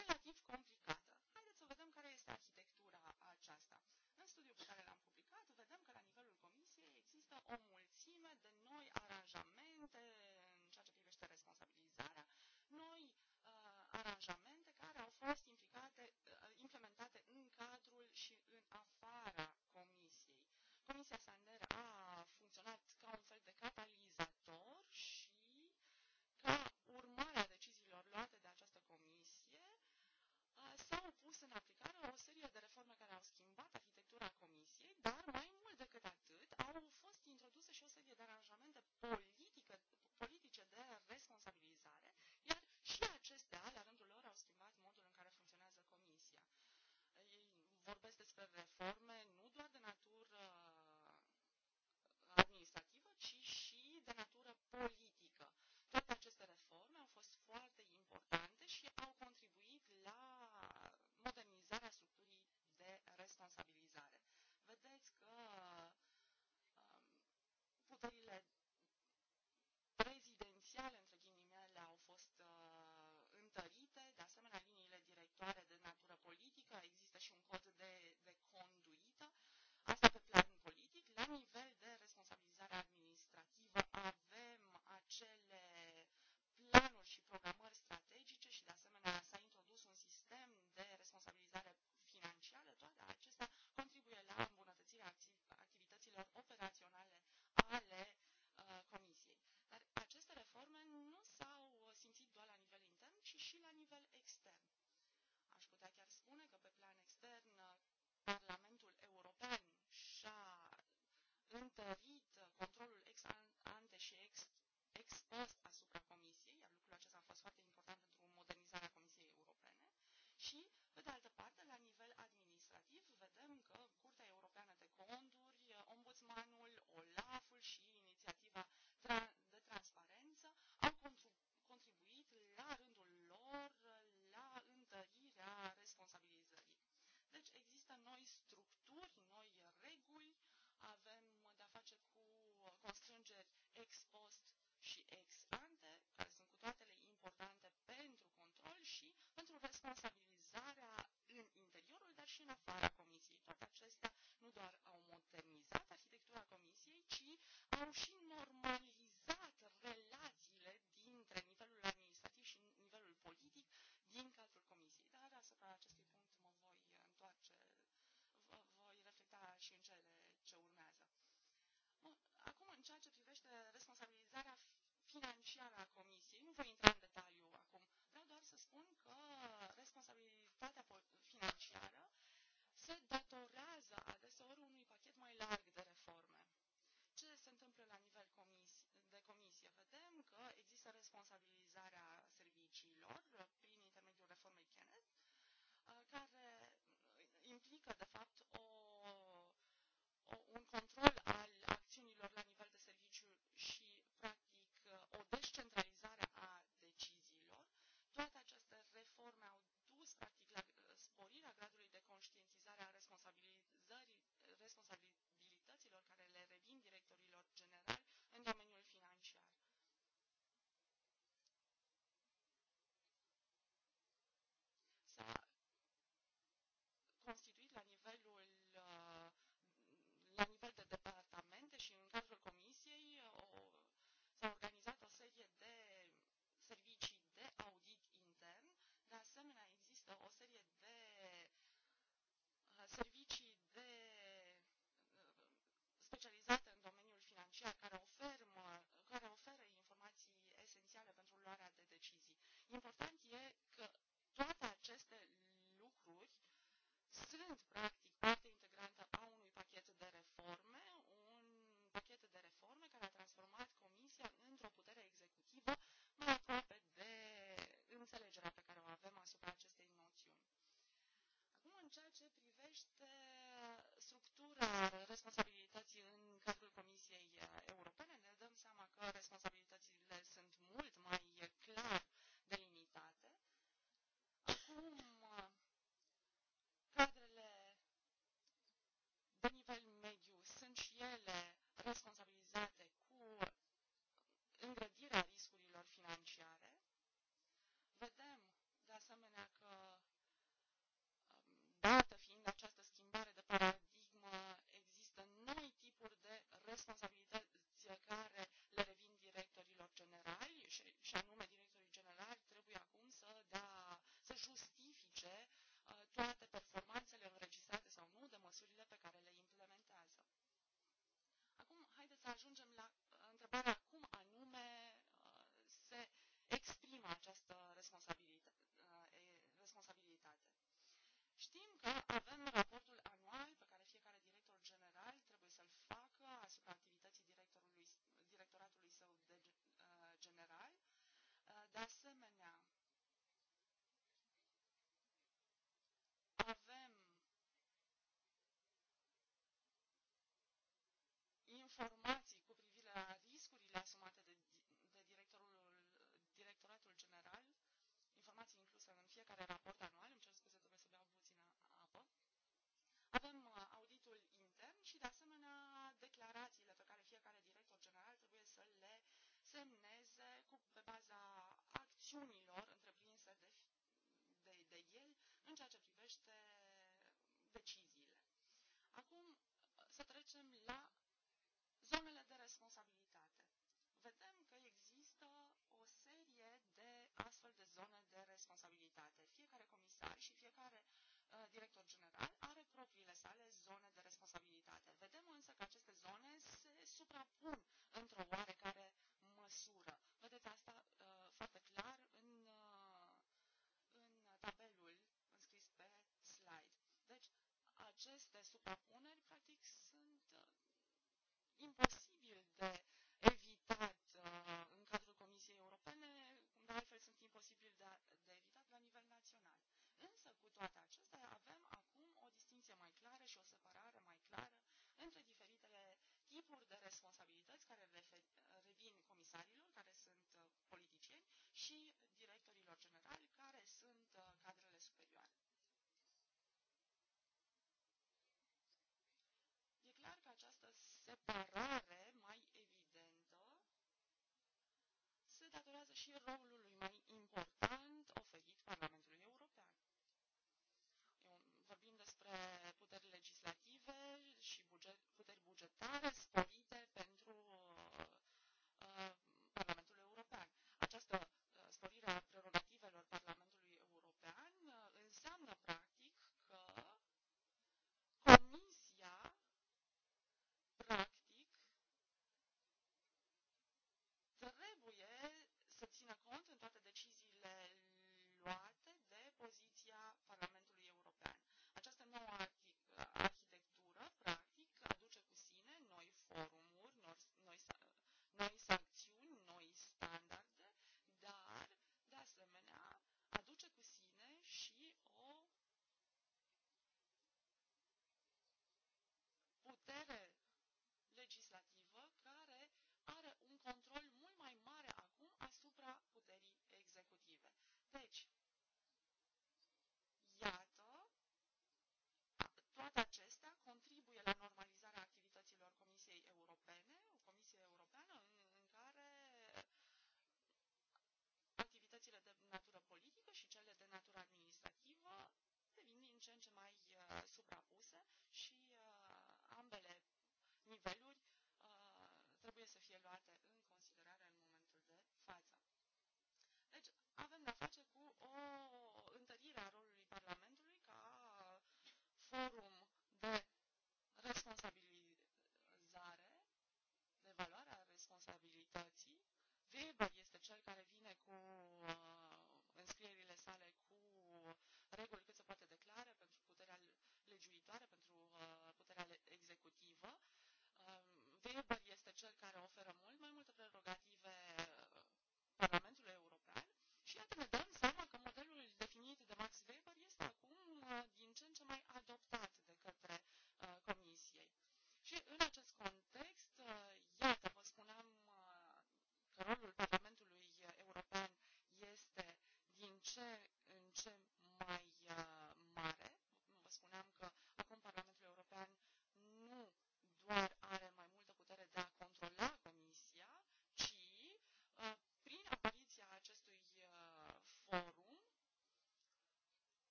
relativ complicată. Haideți să vedem care este arhitectura aceasta. În studiul pe care l-am publicat, vedem că la nivelul comisiei există o mulțime aceste reforme specializate informații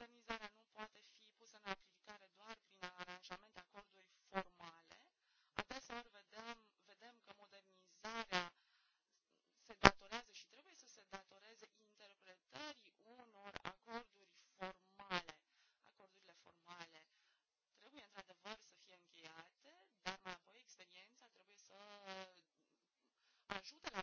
modernizarea nu poate fi pusă în aplicare doar prin aranjamente, acorduri formale. Adeseori vedem, vedem că modernizarea se datorează și trebuie să se datoreze interpretării unor acorduri formale. Acordurile formale trebuie într-adevăr să fie încheiate, dar mai apoi experiența trebuie să ajute la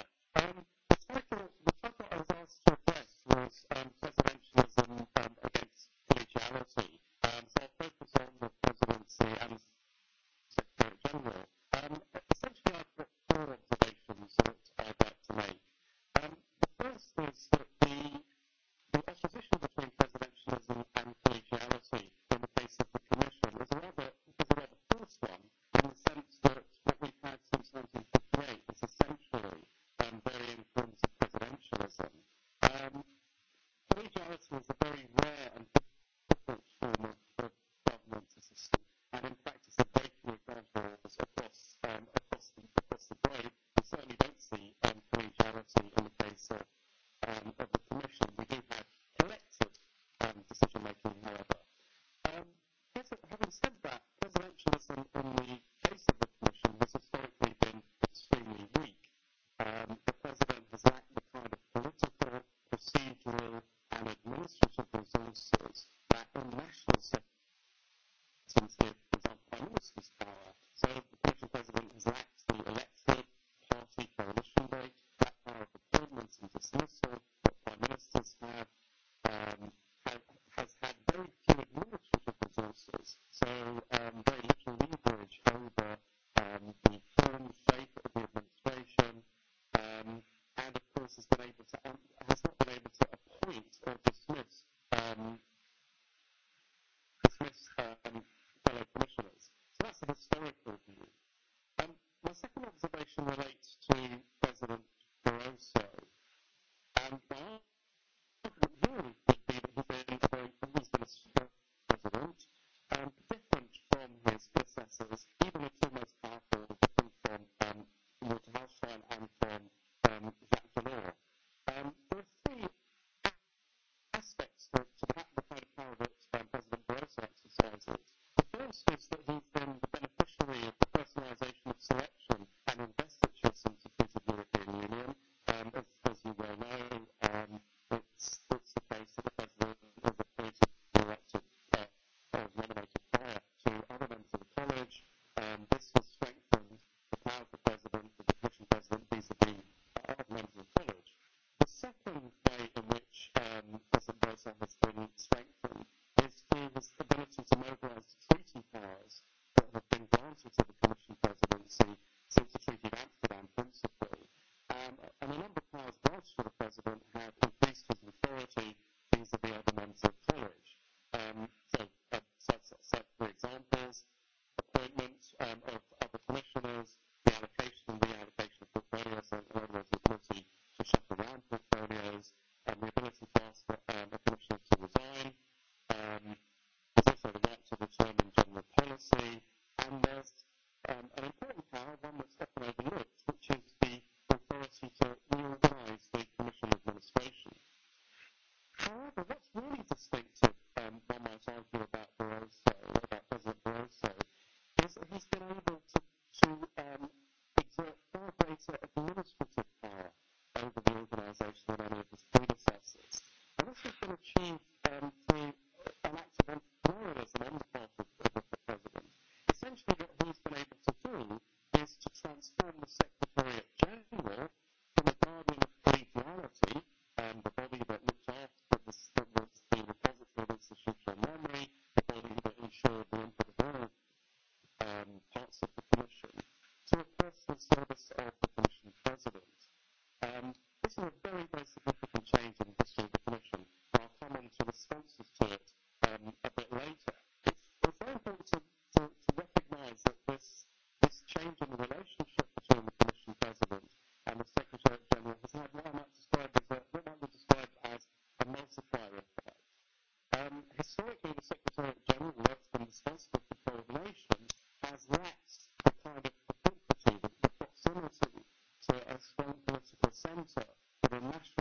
dorință să renaște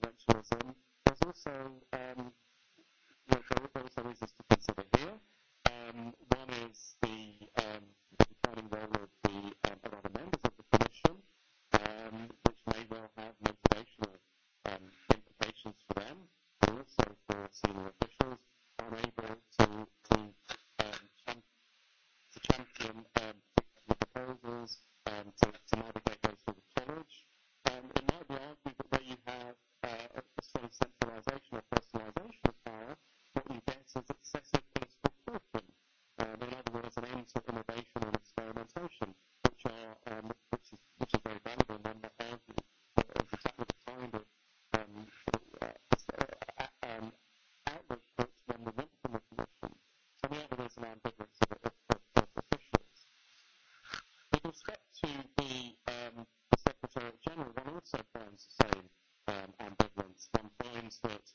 prezidenției, vă also. member states.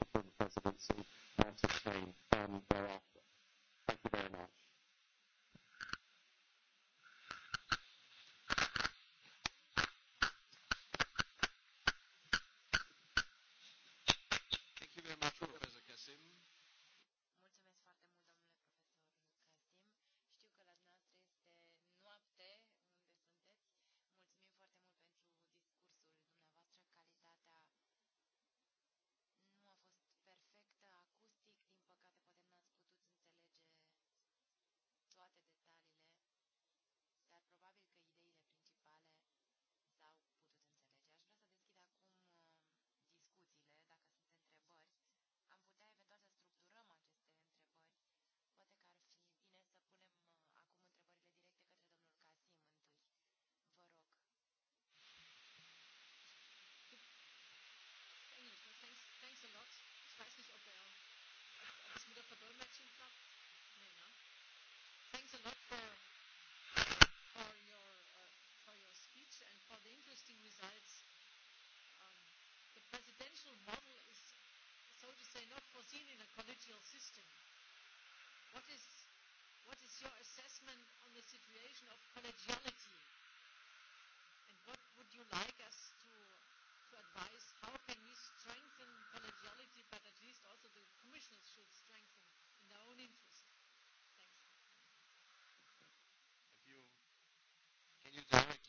What is, what is your assessment on the situation of collegiality? And what would you like us to, to advise? How can we strengthen collegiality, but at least also the commissioners should strengthen in their own interest? Thanks. If you, can you direct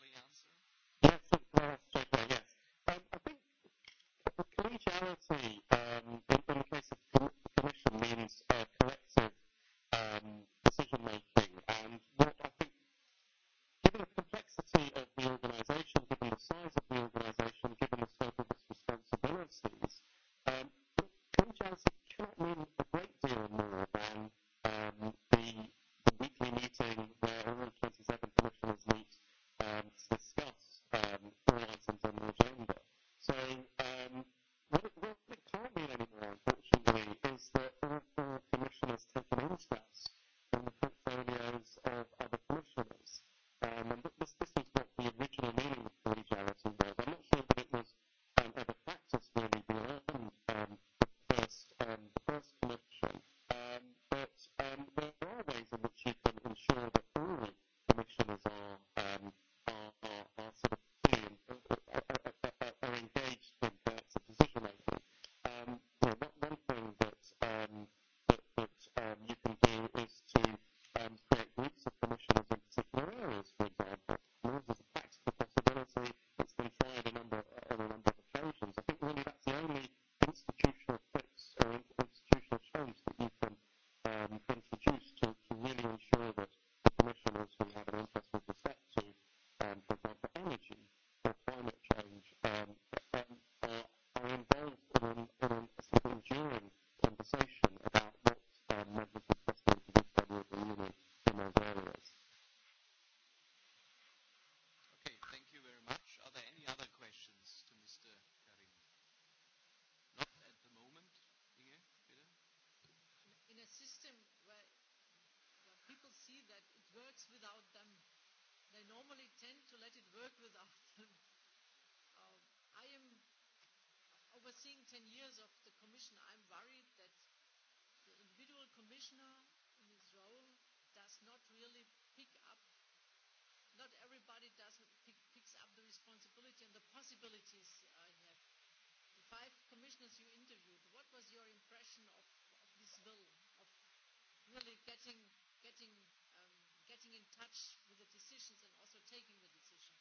being in touch with the decisions and also taking the decisions?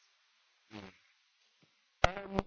Hmm. Um,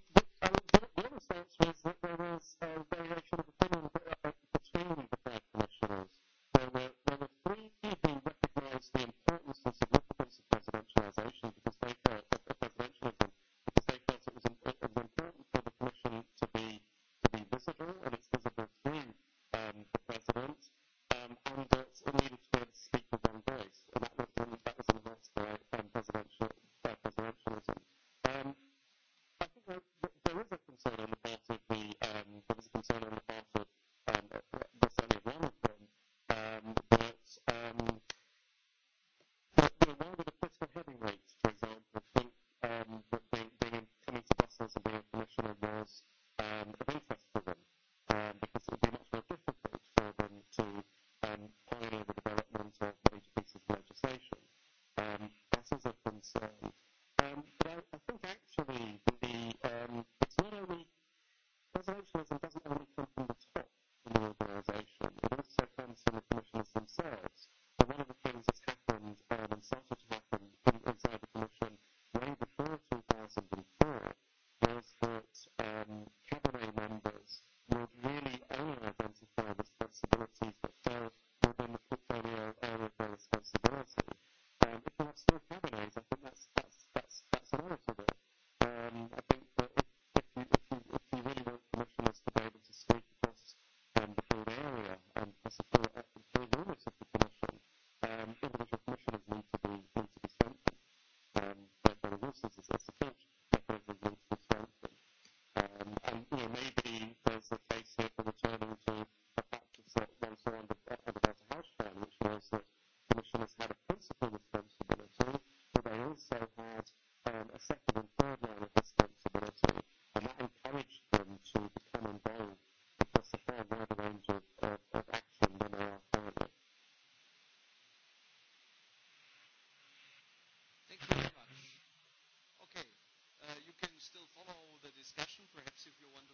if you're wondering.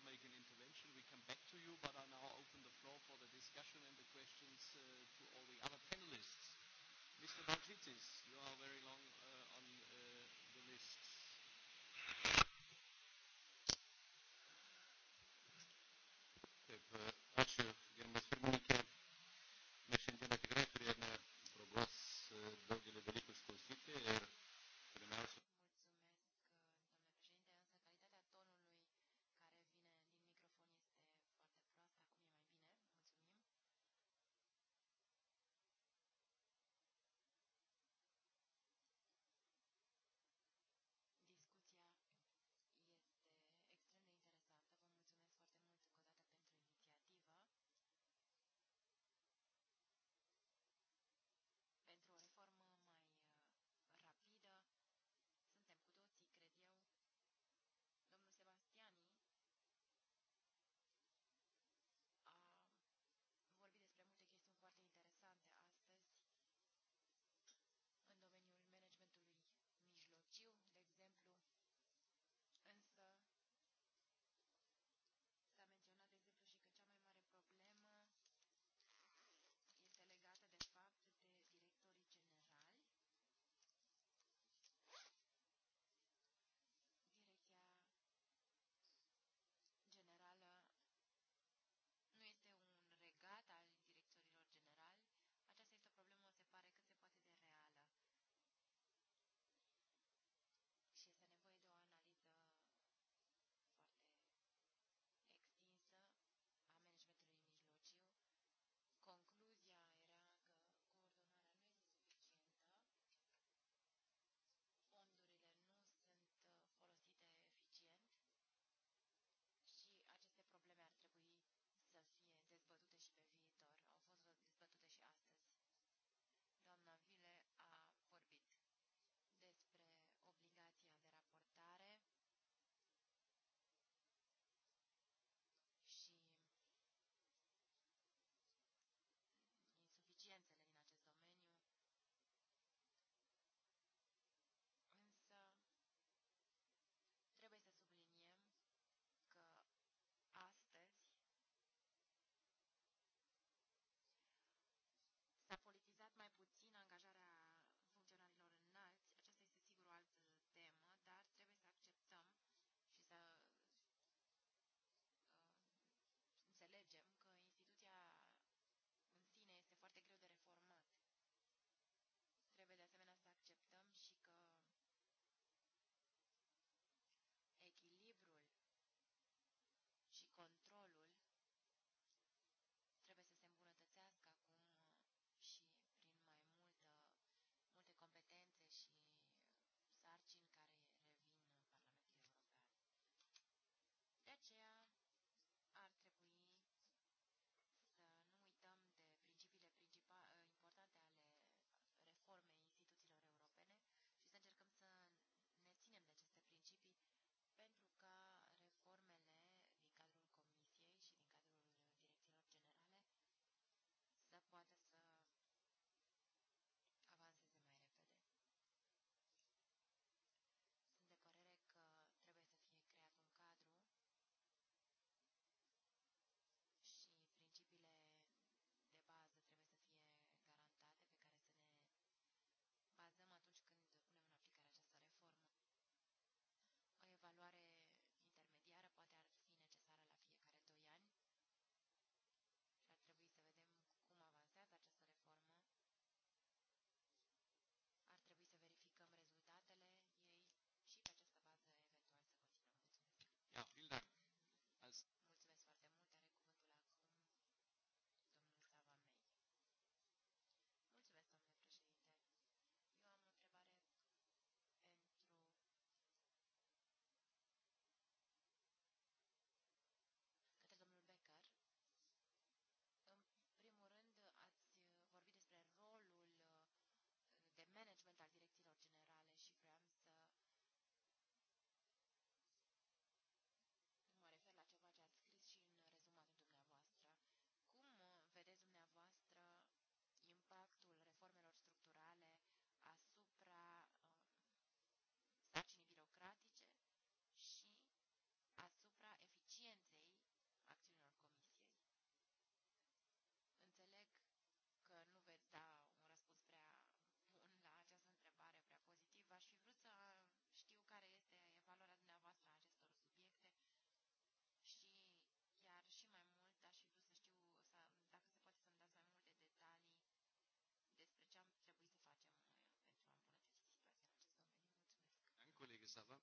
ça va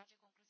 trage concluzii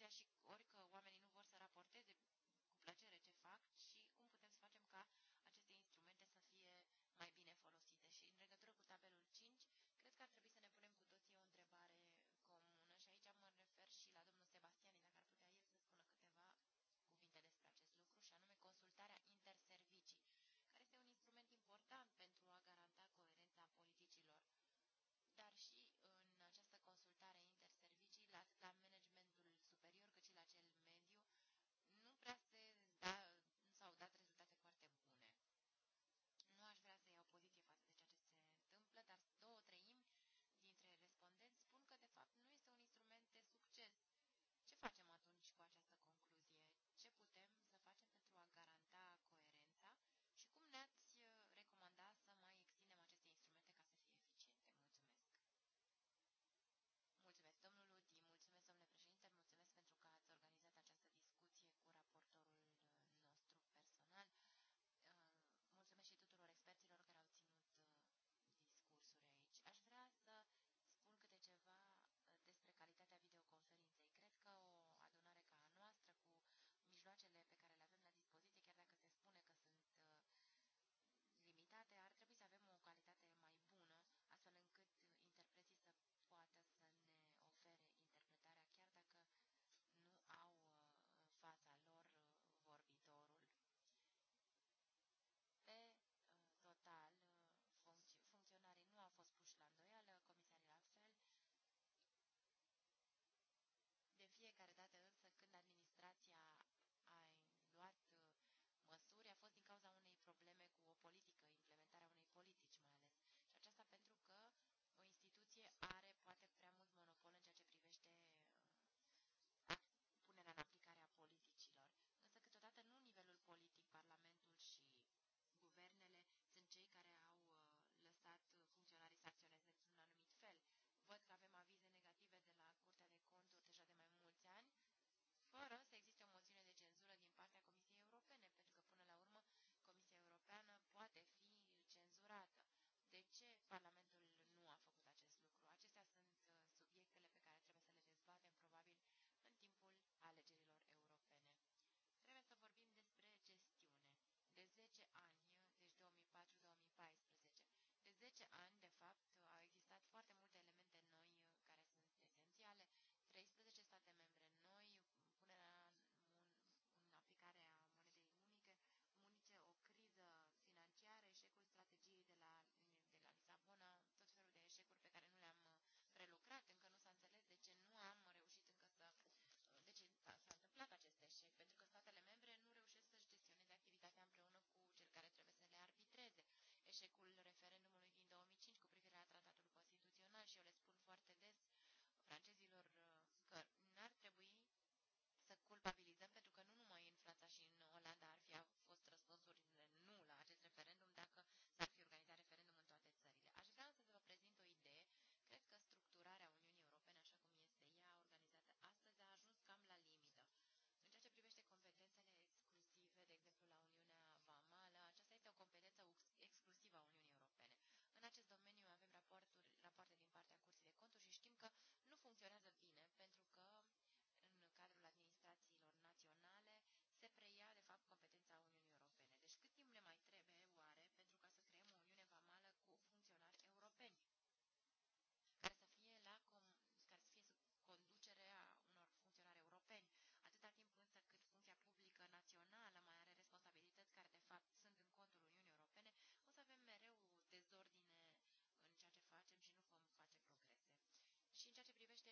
și în ceea ce privește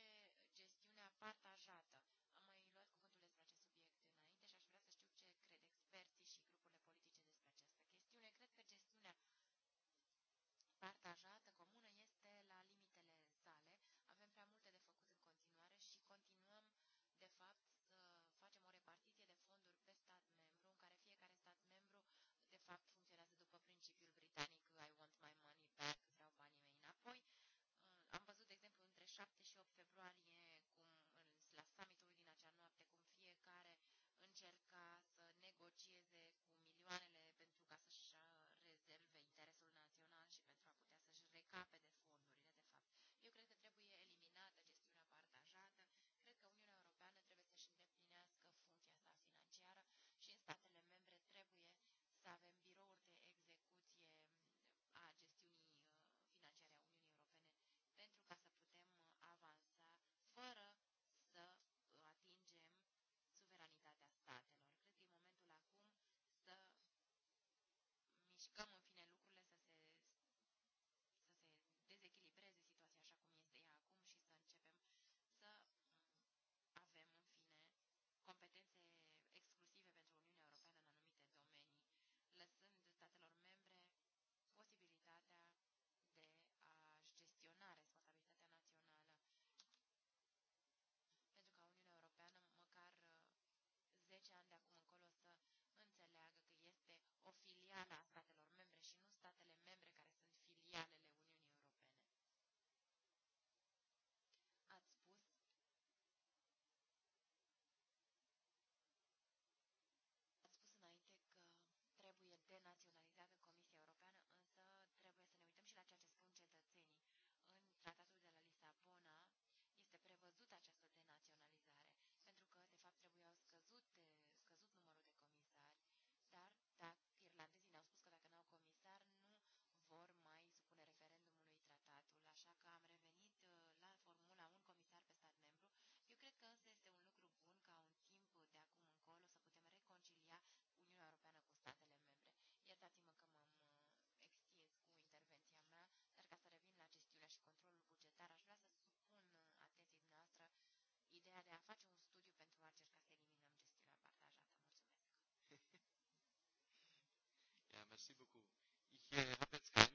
gestiunea partajată. Merci beaucoup. Ich, äh, habe jetzt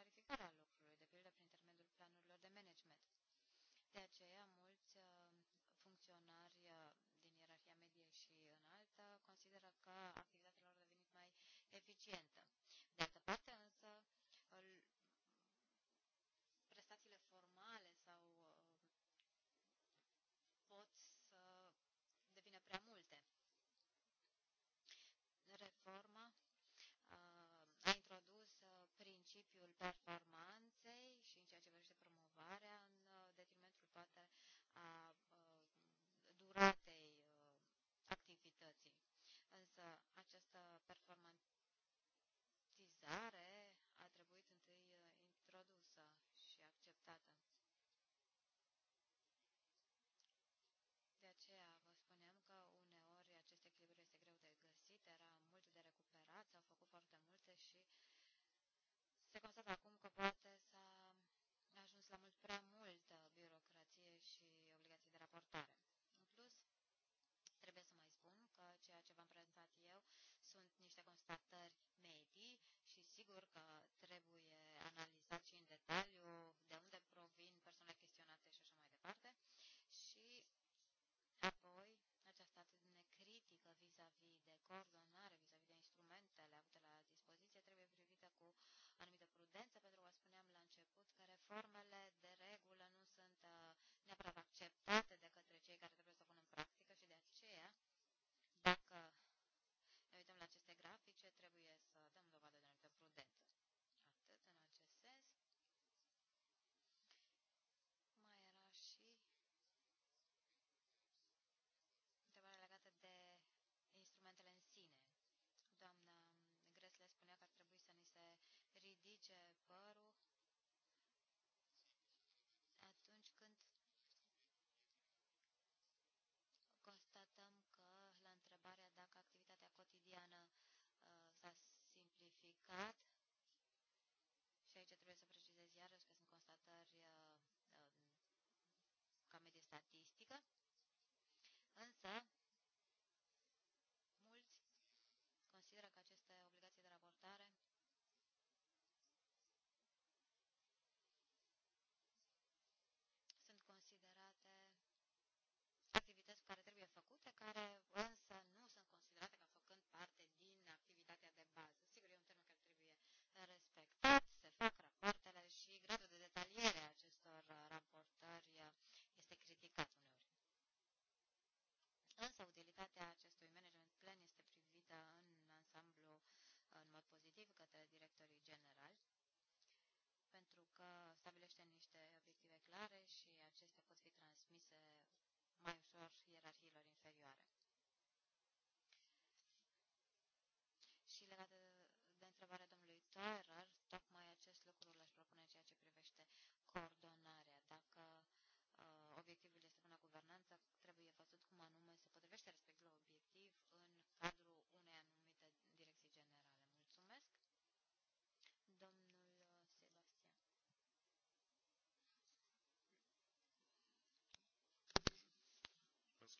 clarificare a lucrurilor, de pildă prin intermediul planurilor de management. De aceea, mult observ acum că poate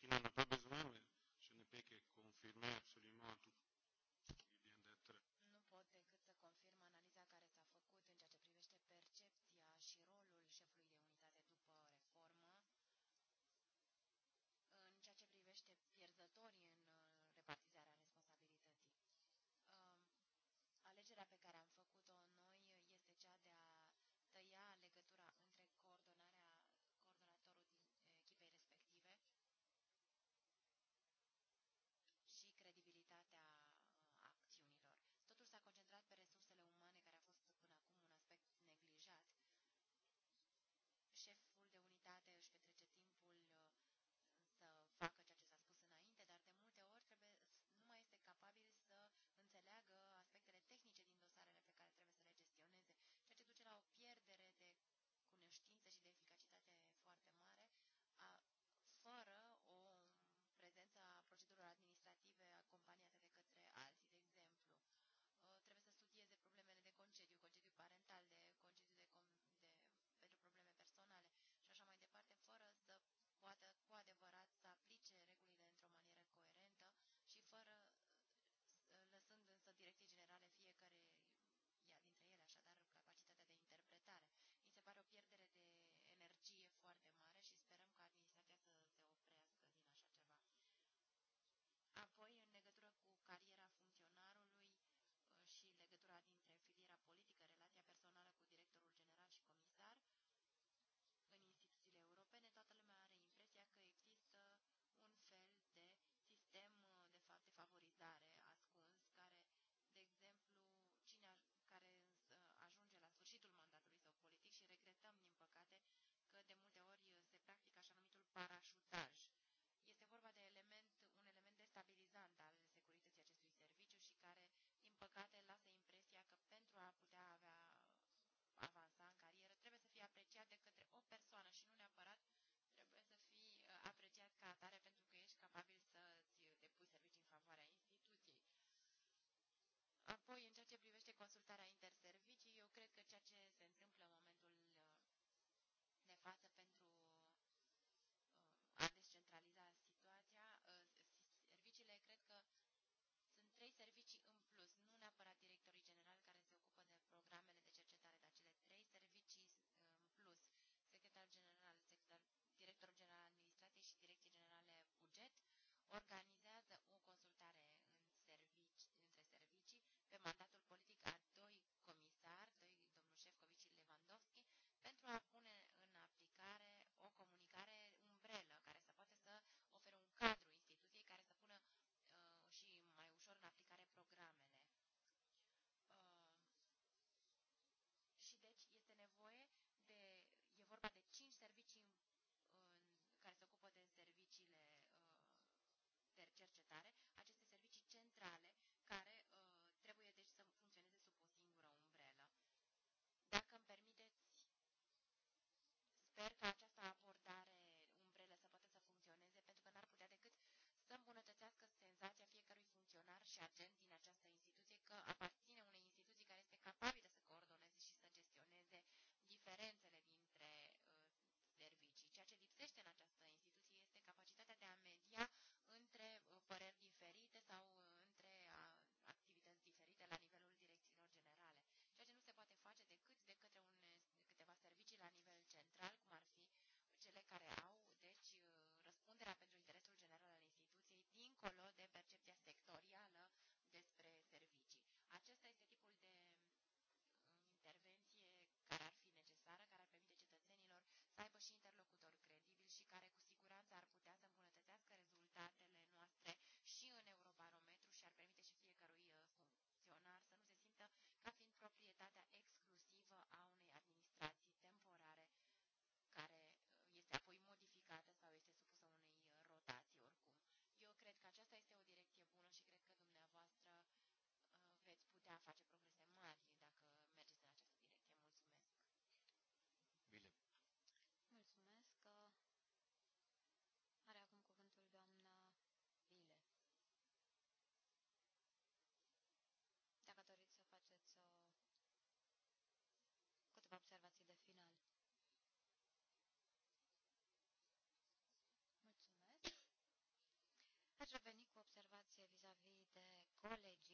Cristina, nu trebuie practic așa numitul parașutaj. Este vorba de element, un element destabilizant al securității acestui serviciu și care, din păcate, lasă impresia că pentru a putea avea avansa în carieră trebuie să fie apreciat de către o persoană și nu neapărat trebuie să fii uh, apreciat ca atare pentru că ești capabil să-ți depui servicii în favoarea instituției. Apoi, în ceea ce privește consultarea internă. dezvoltare, aceste servicii centrale care uh, trebuie deci să funcționeze sub o singură umbrelă. Dacă îmi permiteți, sper că această abordare umbrelă să poată să funcționeze, pentru că n-ar putea decât să îmbunătățească senzația fiecărui funcționar și agent din colegii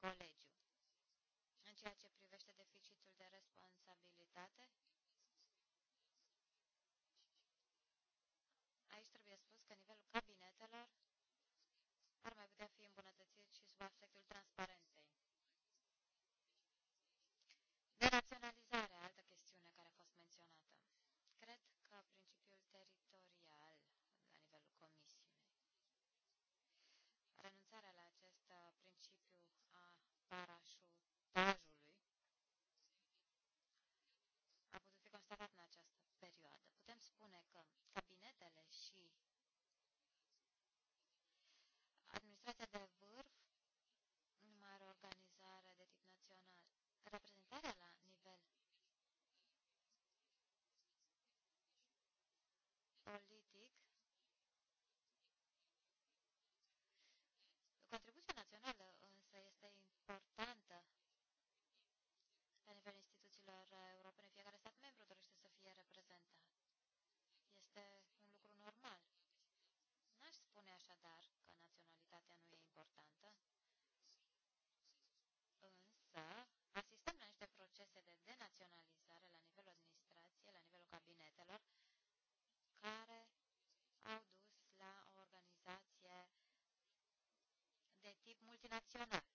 colegi. multinaționale.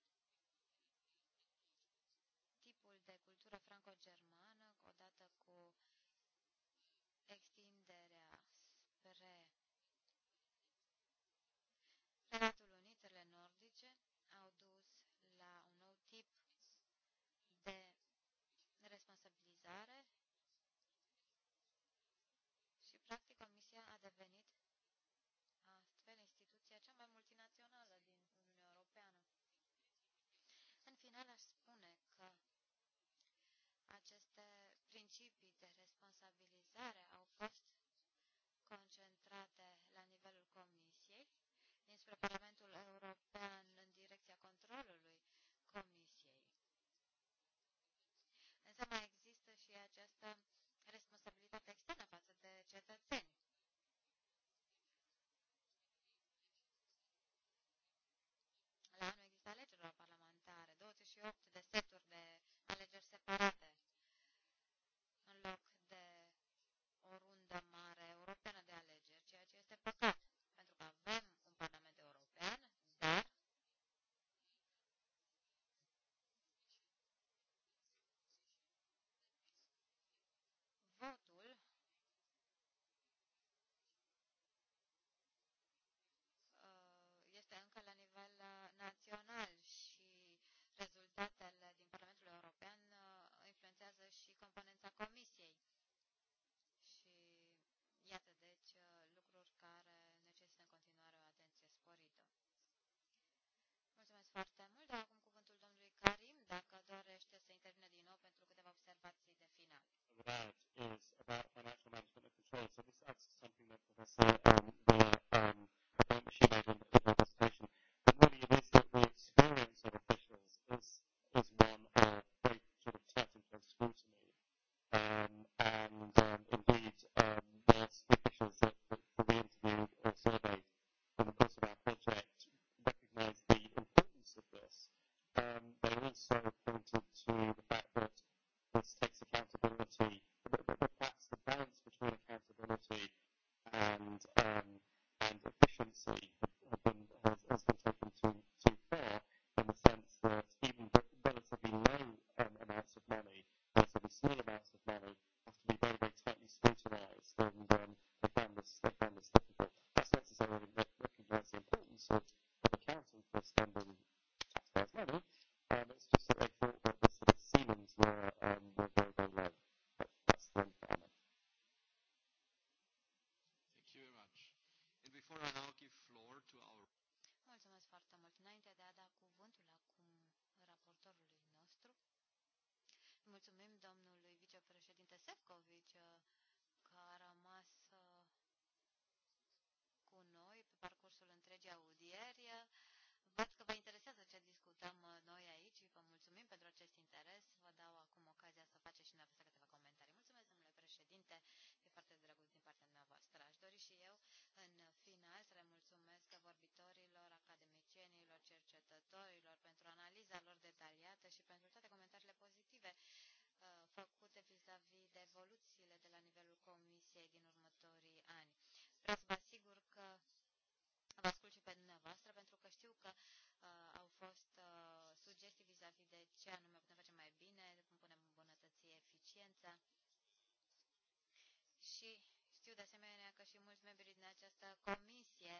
Știu de asemenea că și mulți membri din această comisie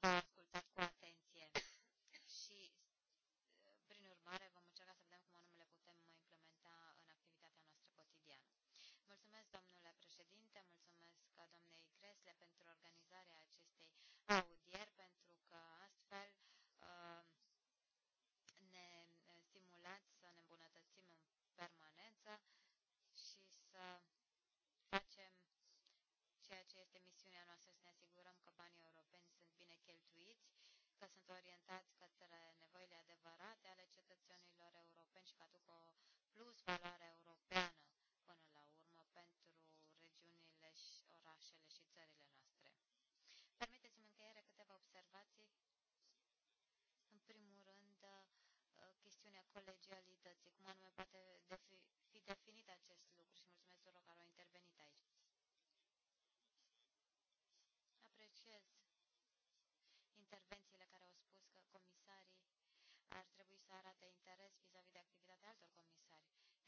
v-au ascultat cu atenție și, prin urmare, vom încerca să vedem cum anume le putem implementa în activitatea noastră cotidiană. Mulțumesc, domnule președinte, mulțumesc doamnei Gresle pentru organizarea misiunea noastră să ne asigurăm că banii europeni sunt bine cheltuiți, că sunt orientați către nevoile adevărate ale cetățenilor europeni și că aduc o plus valoare europeană până la urmă pentru regiunile, și orașele și țările noastre. Permiteți-mi în încheiere câteva observații. În primul rând, uh, chestiunea colegialității, cum anume poate defi,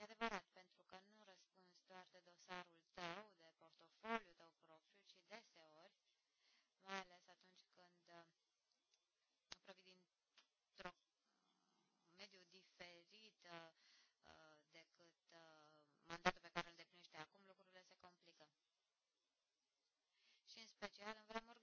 E adevărat, pentru că nu răspunzi doar de dosarul tău, de portofoliul tău propriu, ci deseori, mai ales atunci când uh, provii dintr-un uh, mediu diferit uh, decât mandatul pe care îl deplinește acum, lucrurile se complică. Și în special în vremuri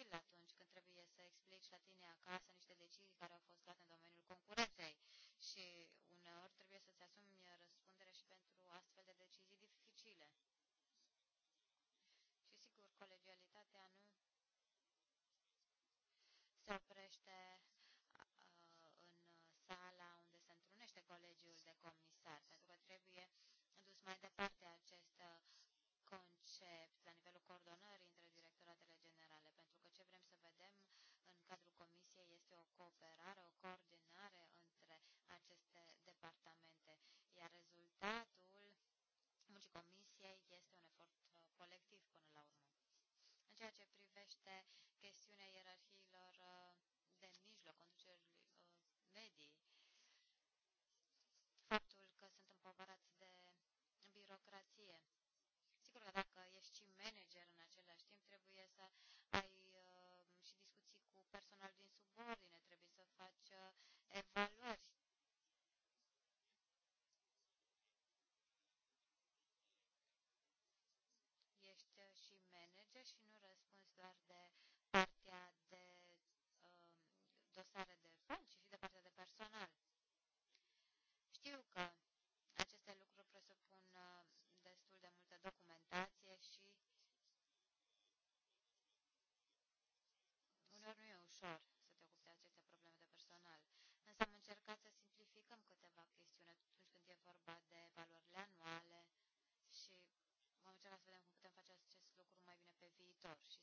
dificil atunci când trebuie să explici la tine acasă niște decizii care au fost luate în domeniul concurenței și uneori trebuie să-ți asumi răspundere și pentru astfel de decizii dificile. Și sigur, colegialitatea nu se oprește cooperare, o coordonare între aceste departamente, iar rezultatul muncii comisiei este un efort uh, colectiv până la urmă. În ceea ce privește chestiunea ierarhiilor uh, de mijloc, conducerii uh, medii, faptul că sunt împovărați de birocrație. Sigur că dacă ești și manager în același timp, trebuie să ai uh, și discuții cu personal din subordine, și nu răspuns doar de partea de uh, dosare de fond, ci și de partea de personal. Știu că aceste lucruri presupun uh, destul de multă documentație și uneori nu e ușor. profesori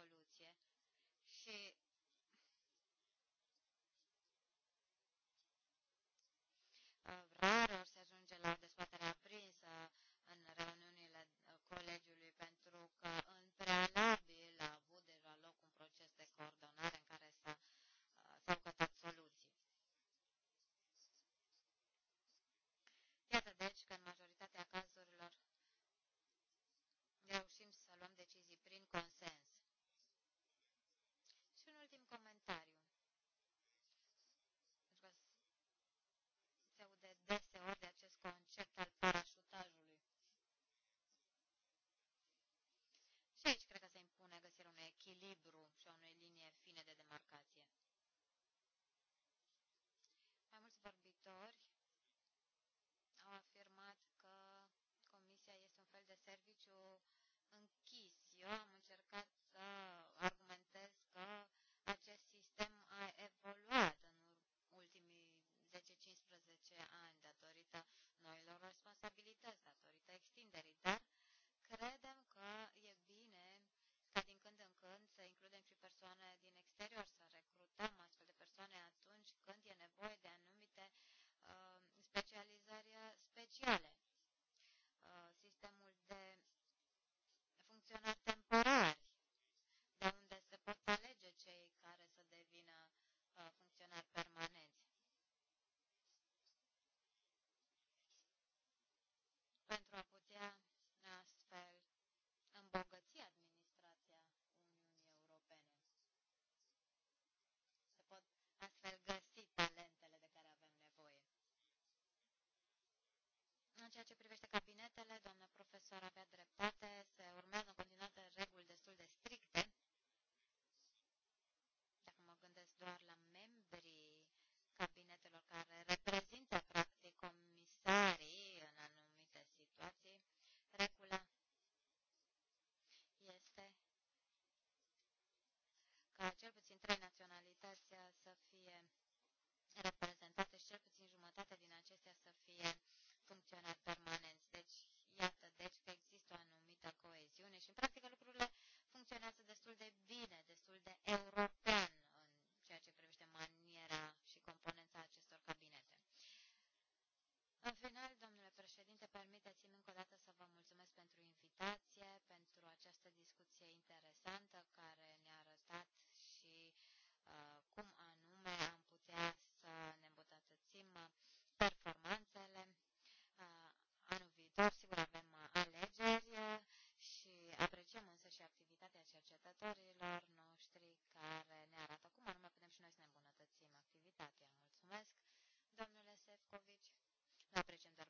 soluție și cel puțin trei apreciez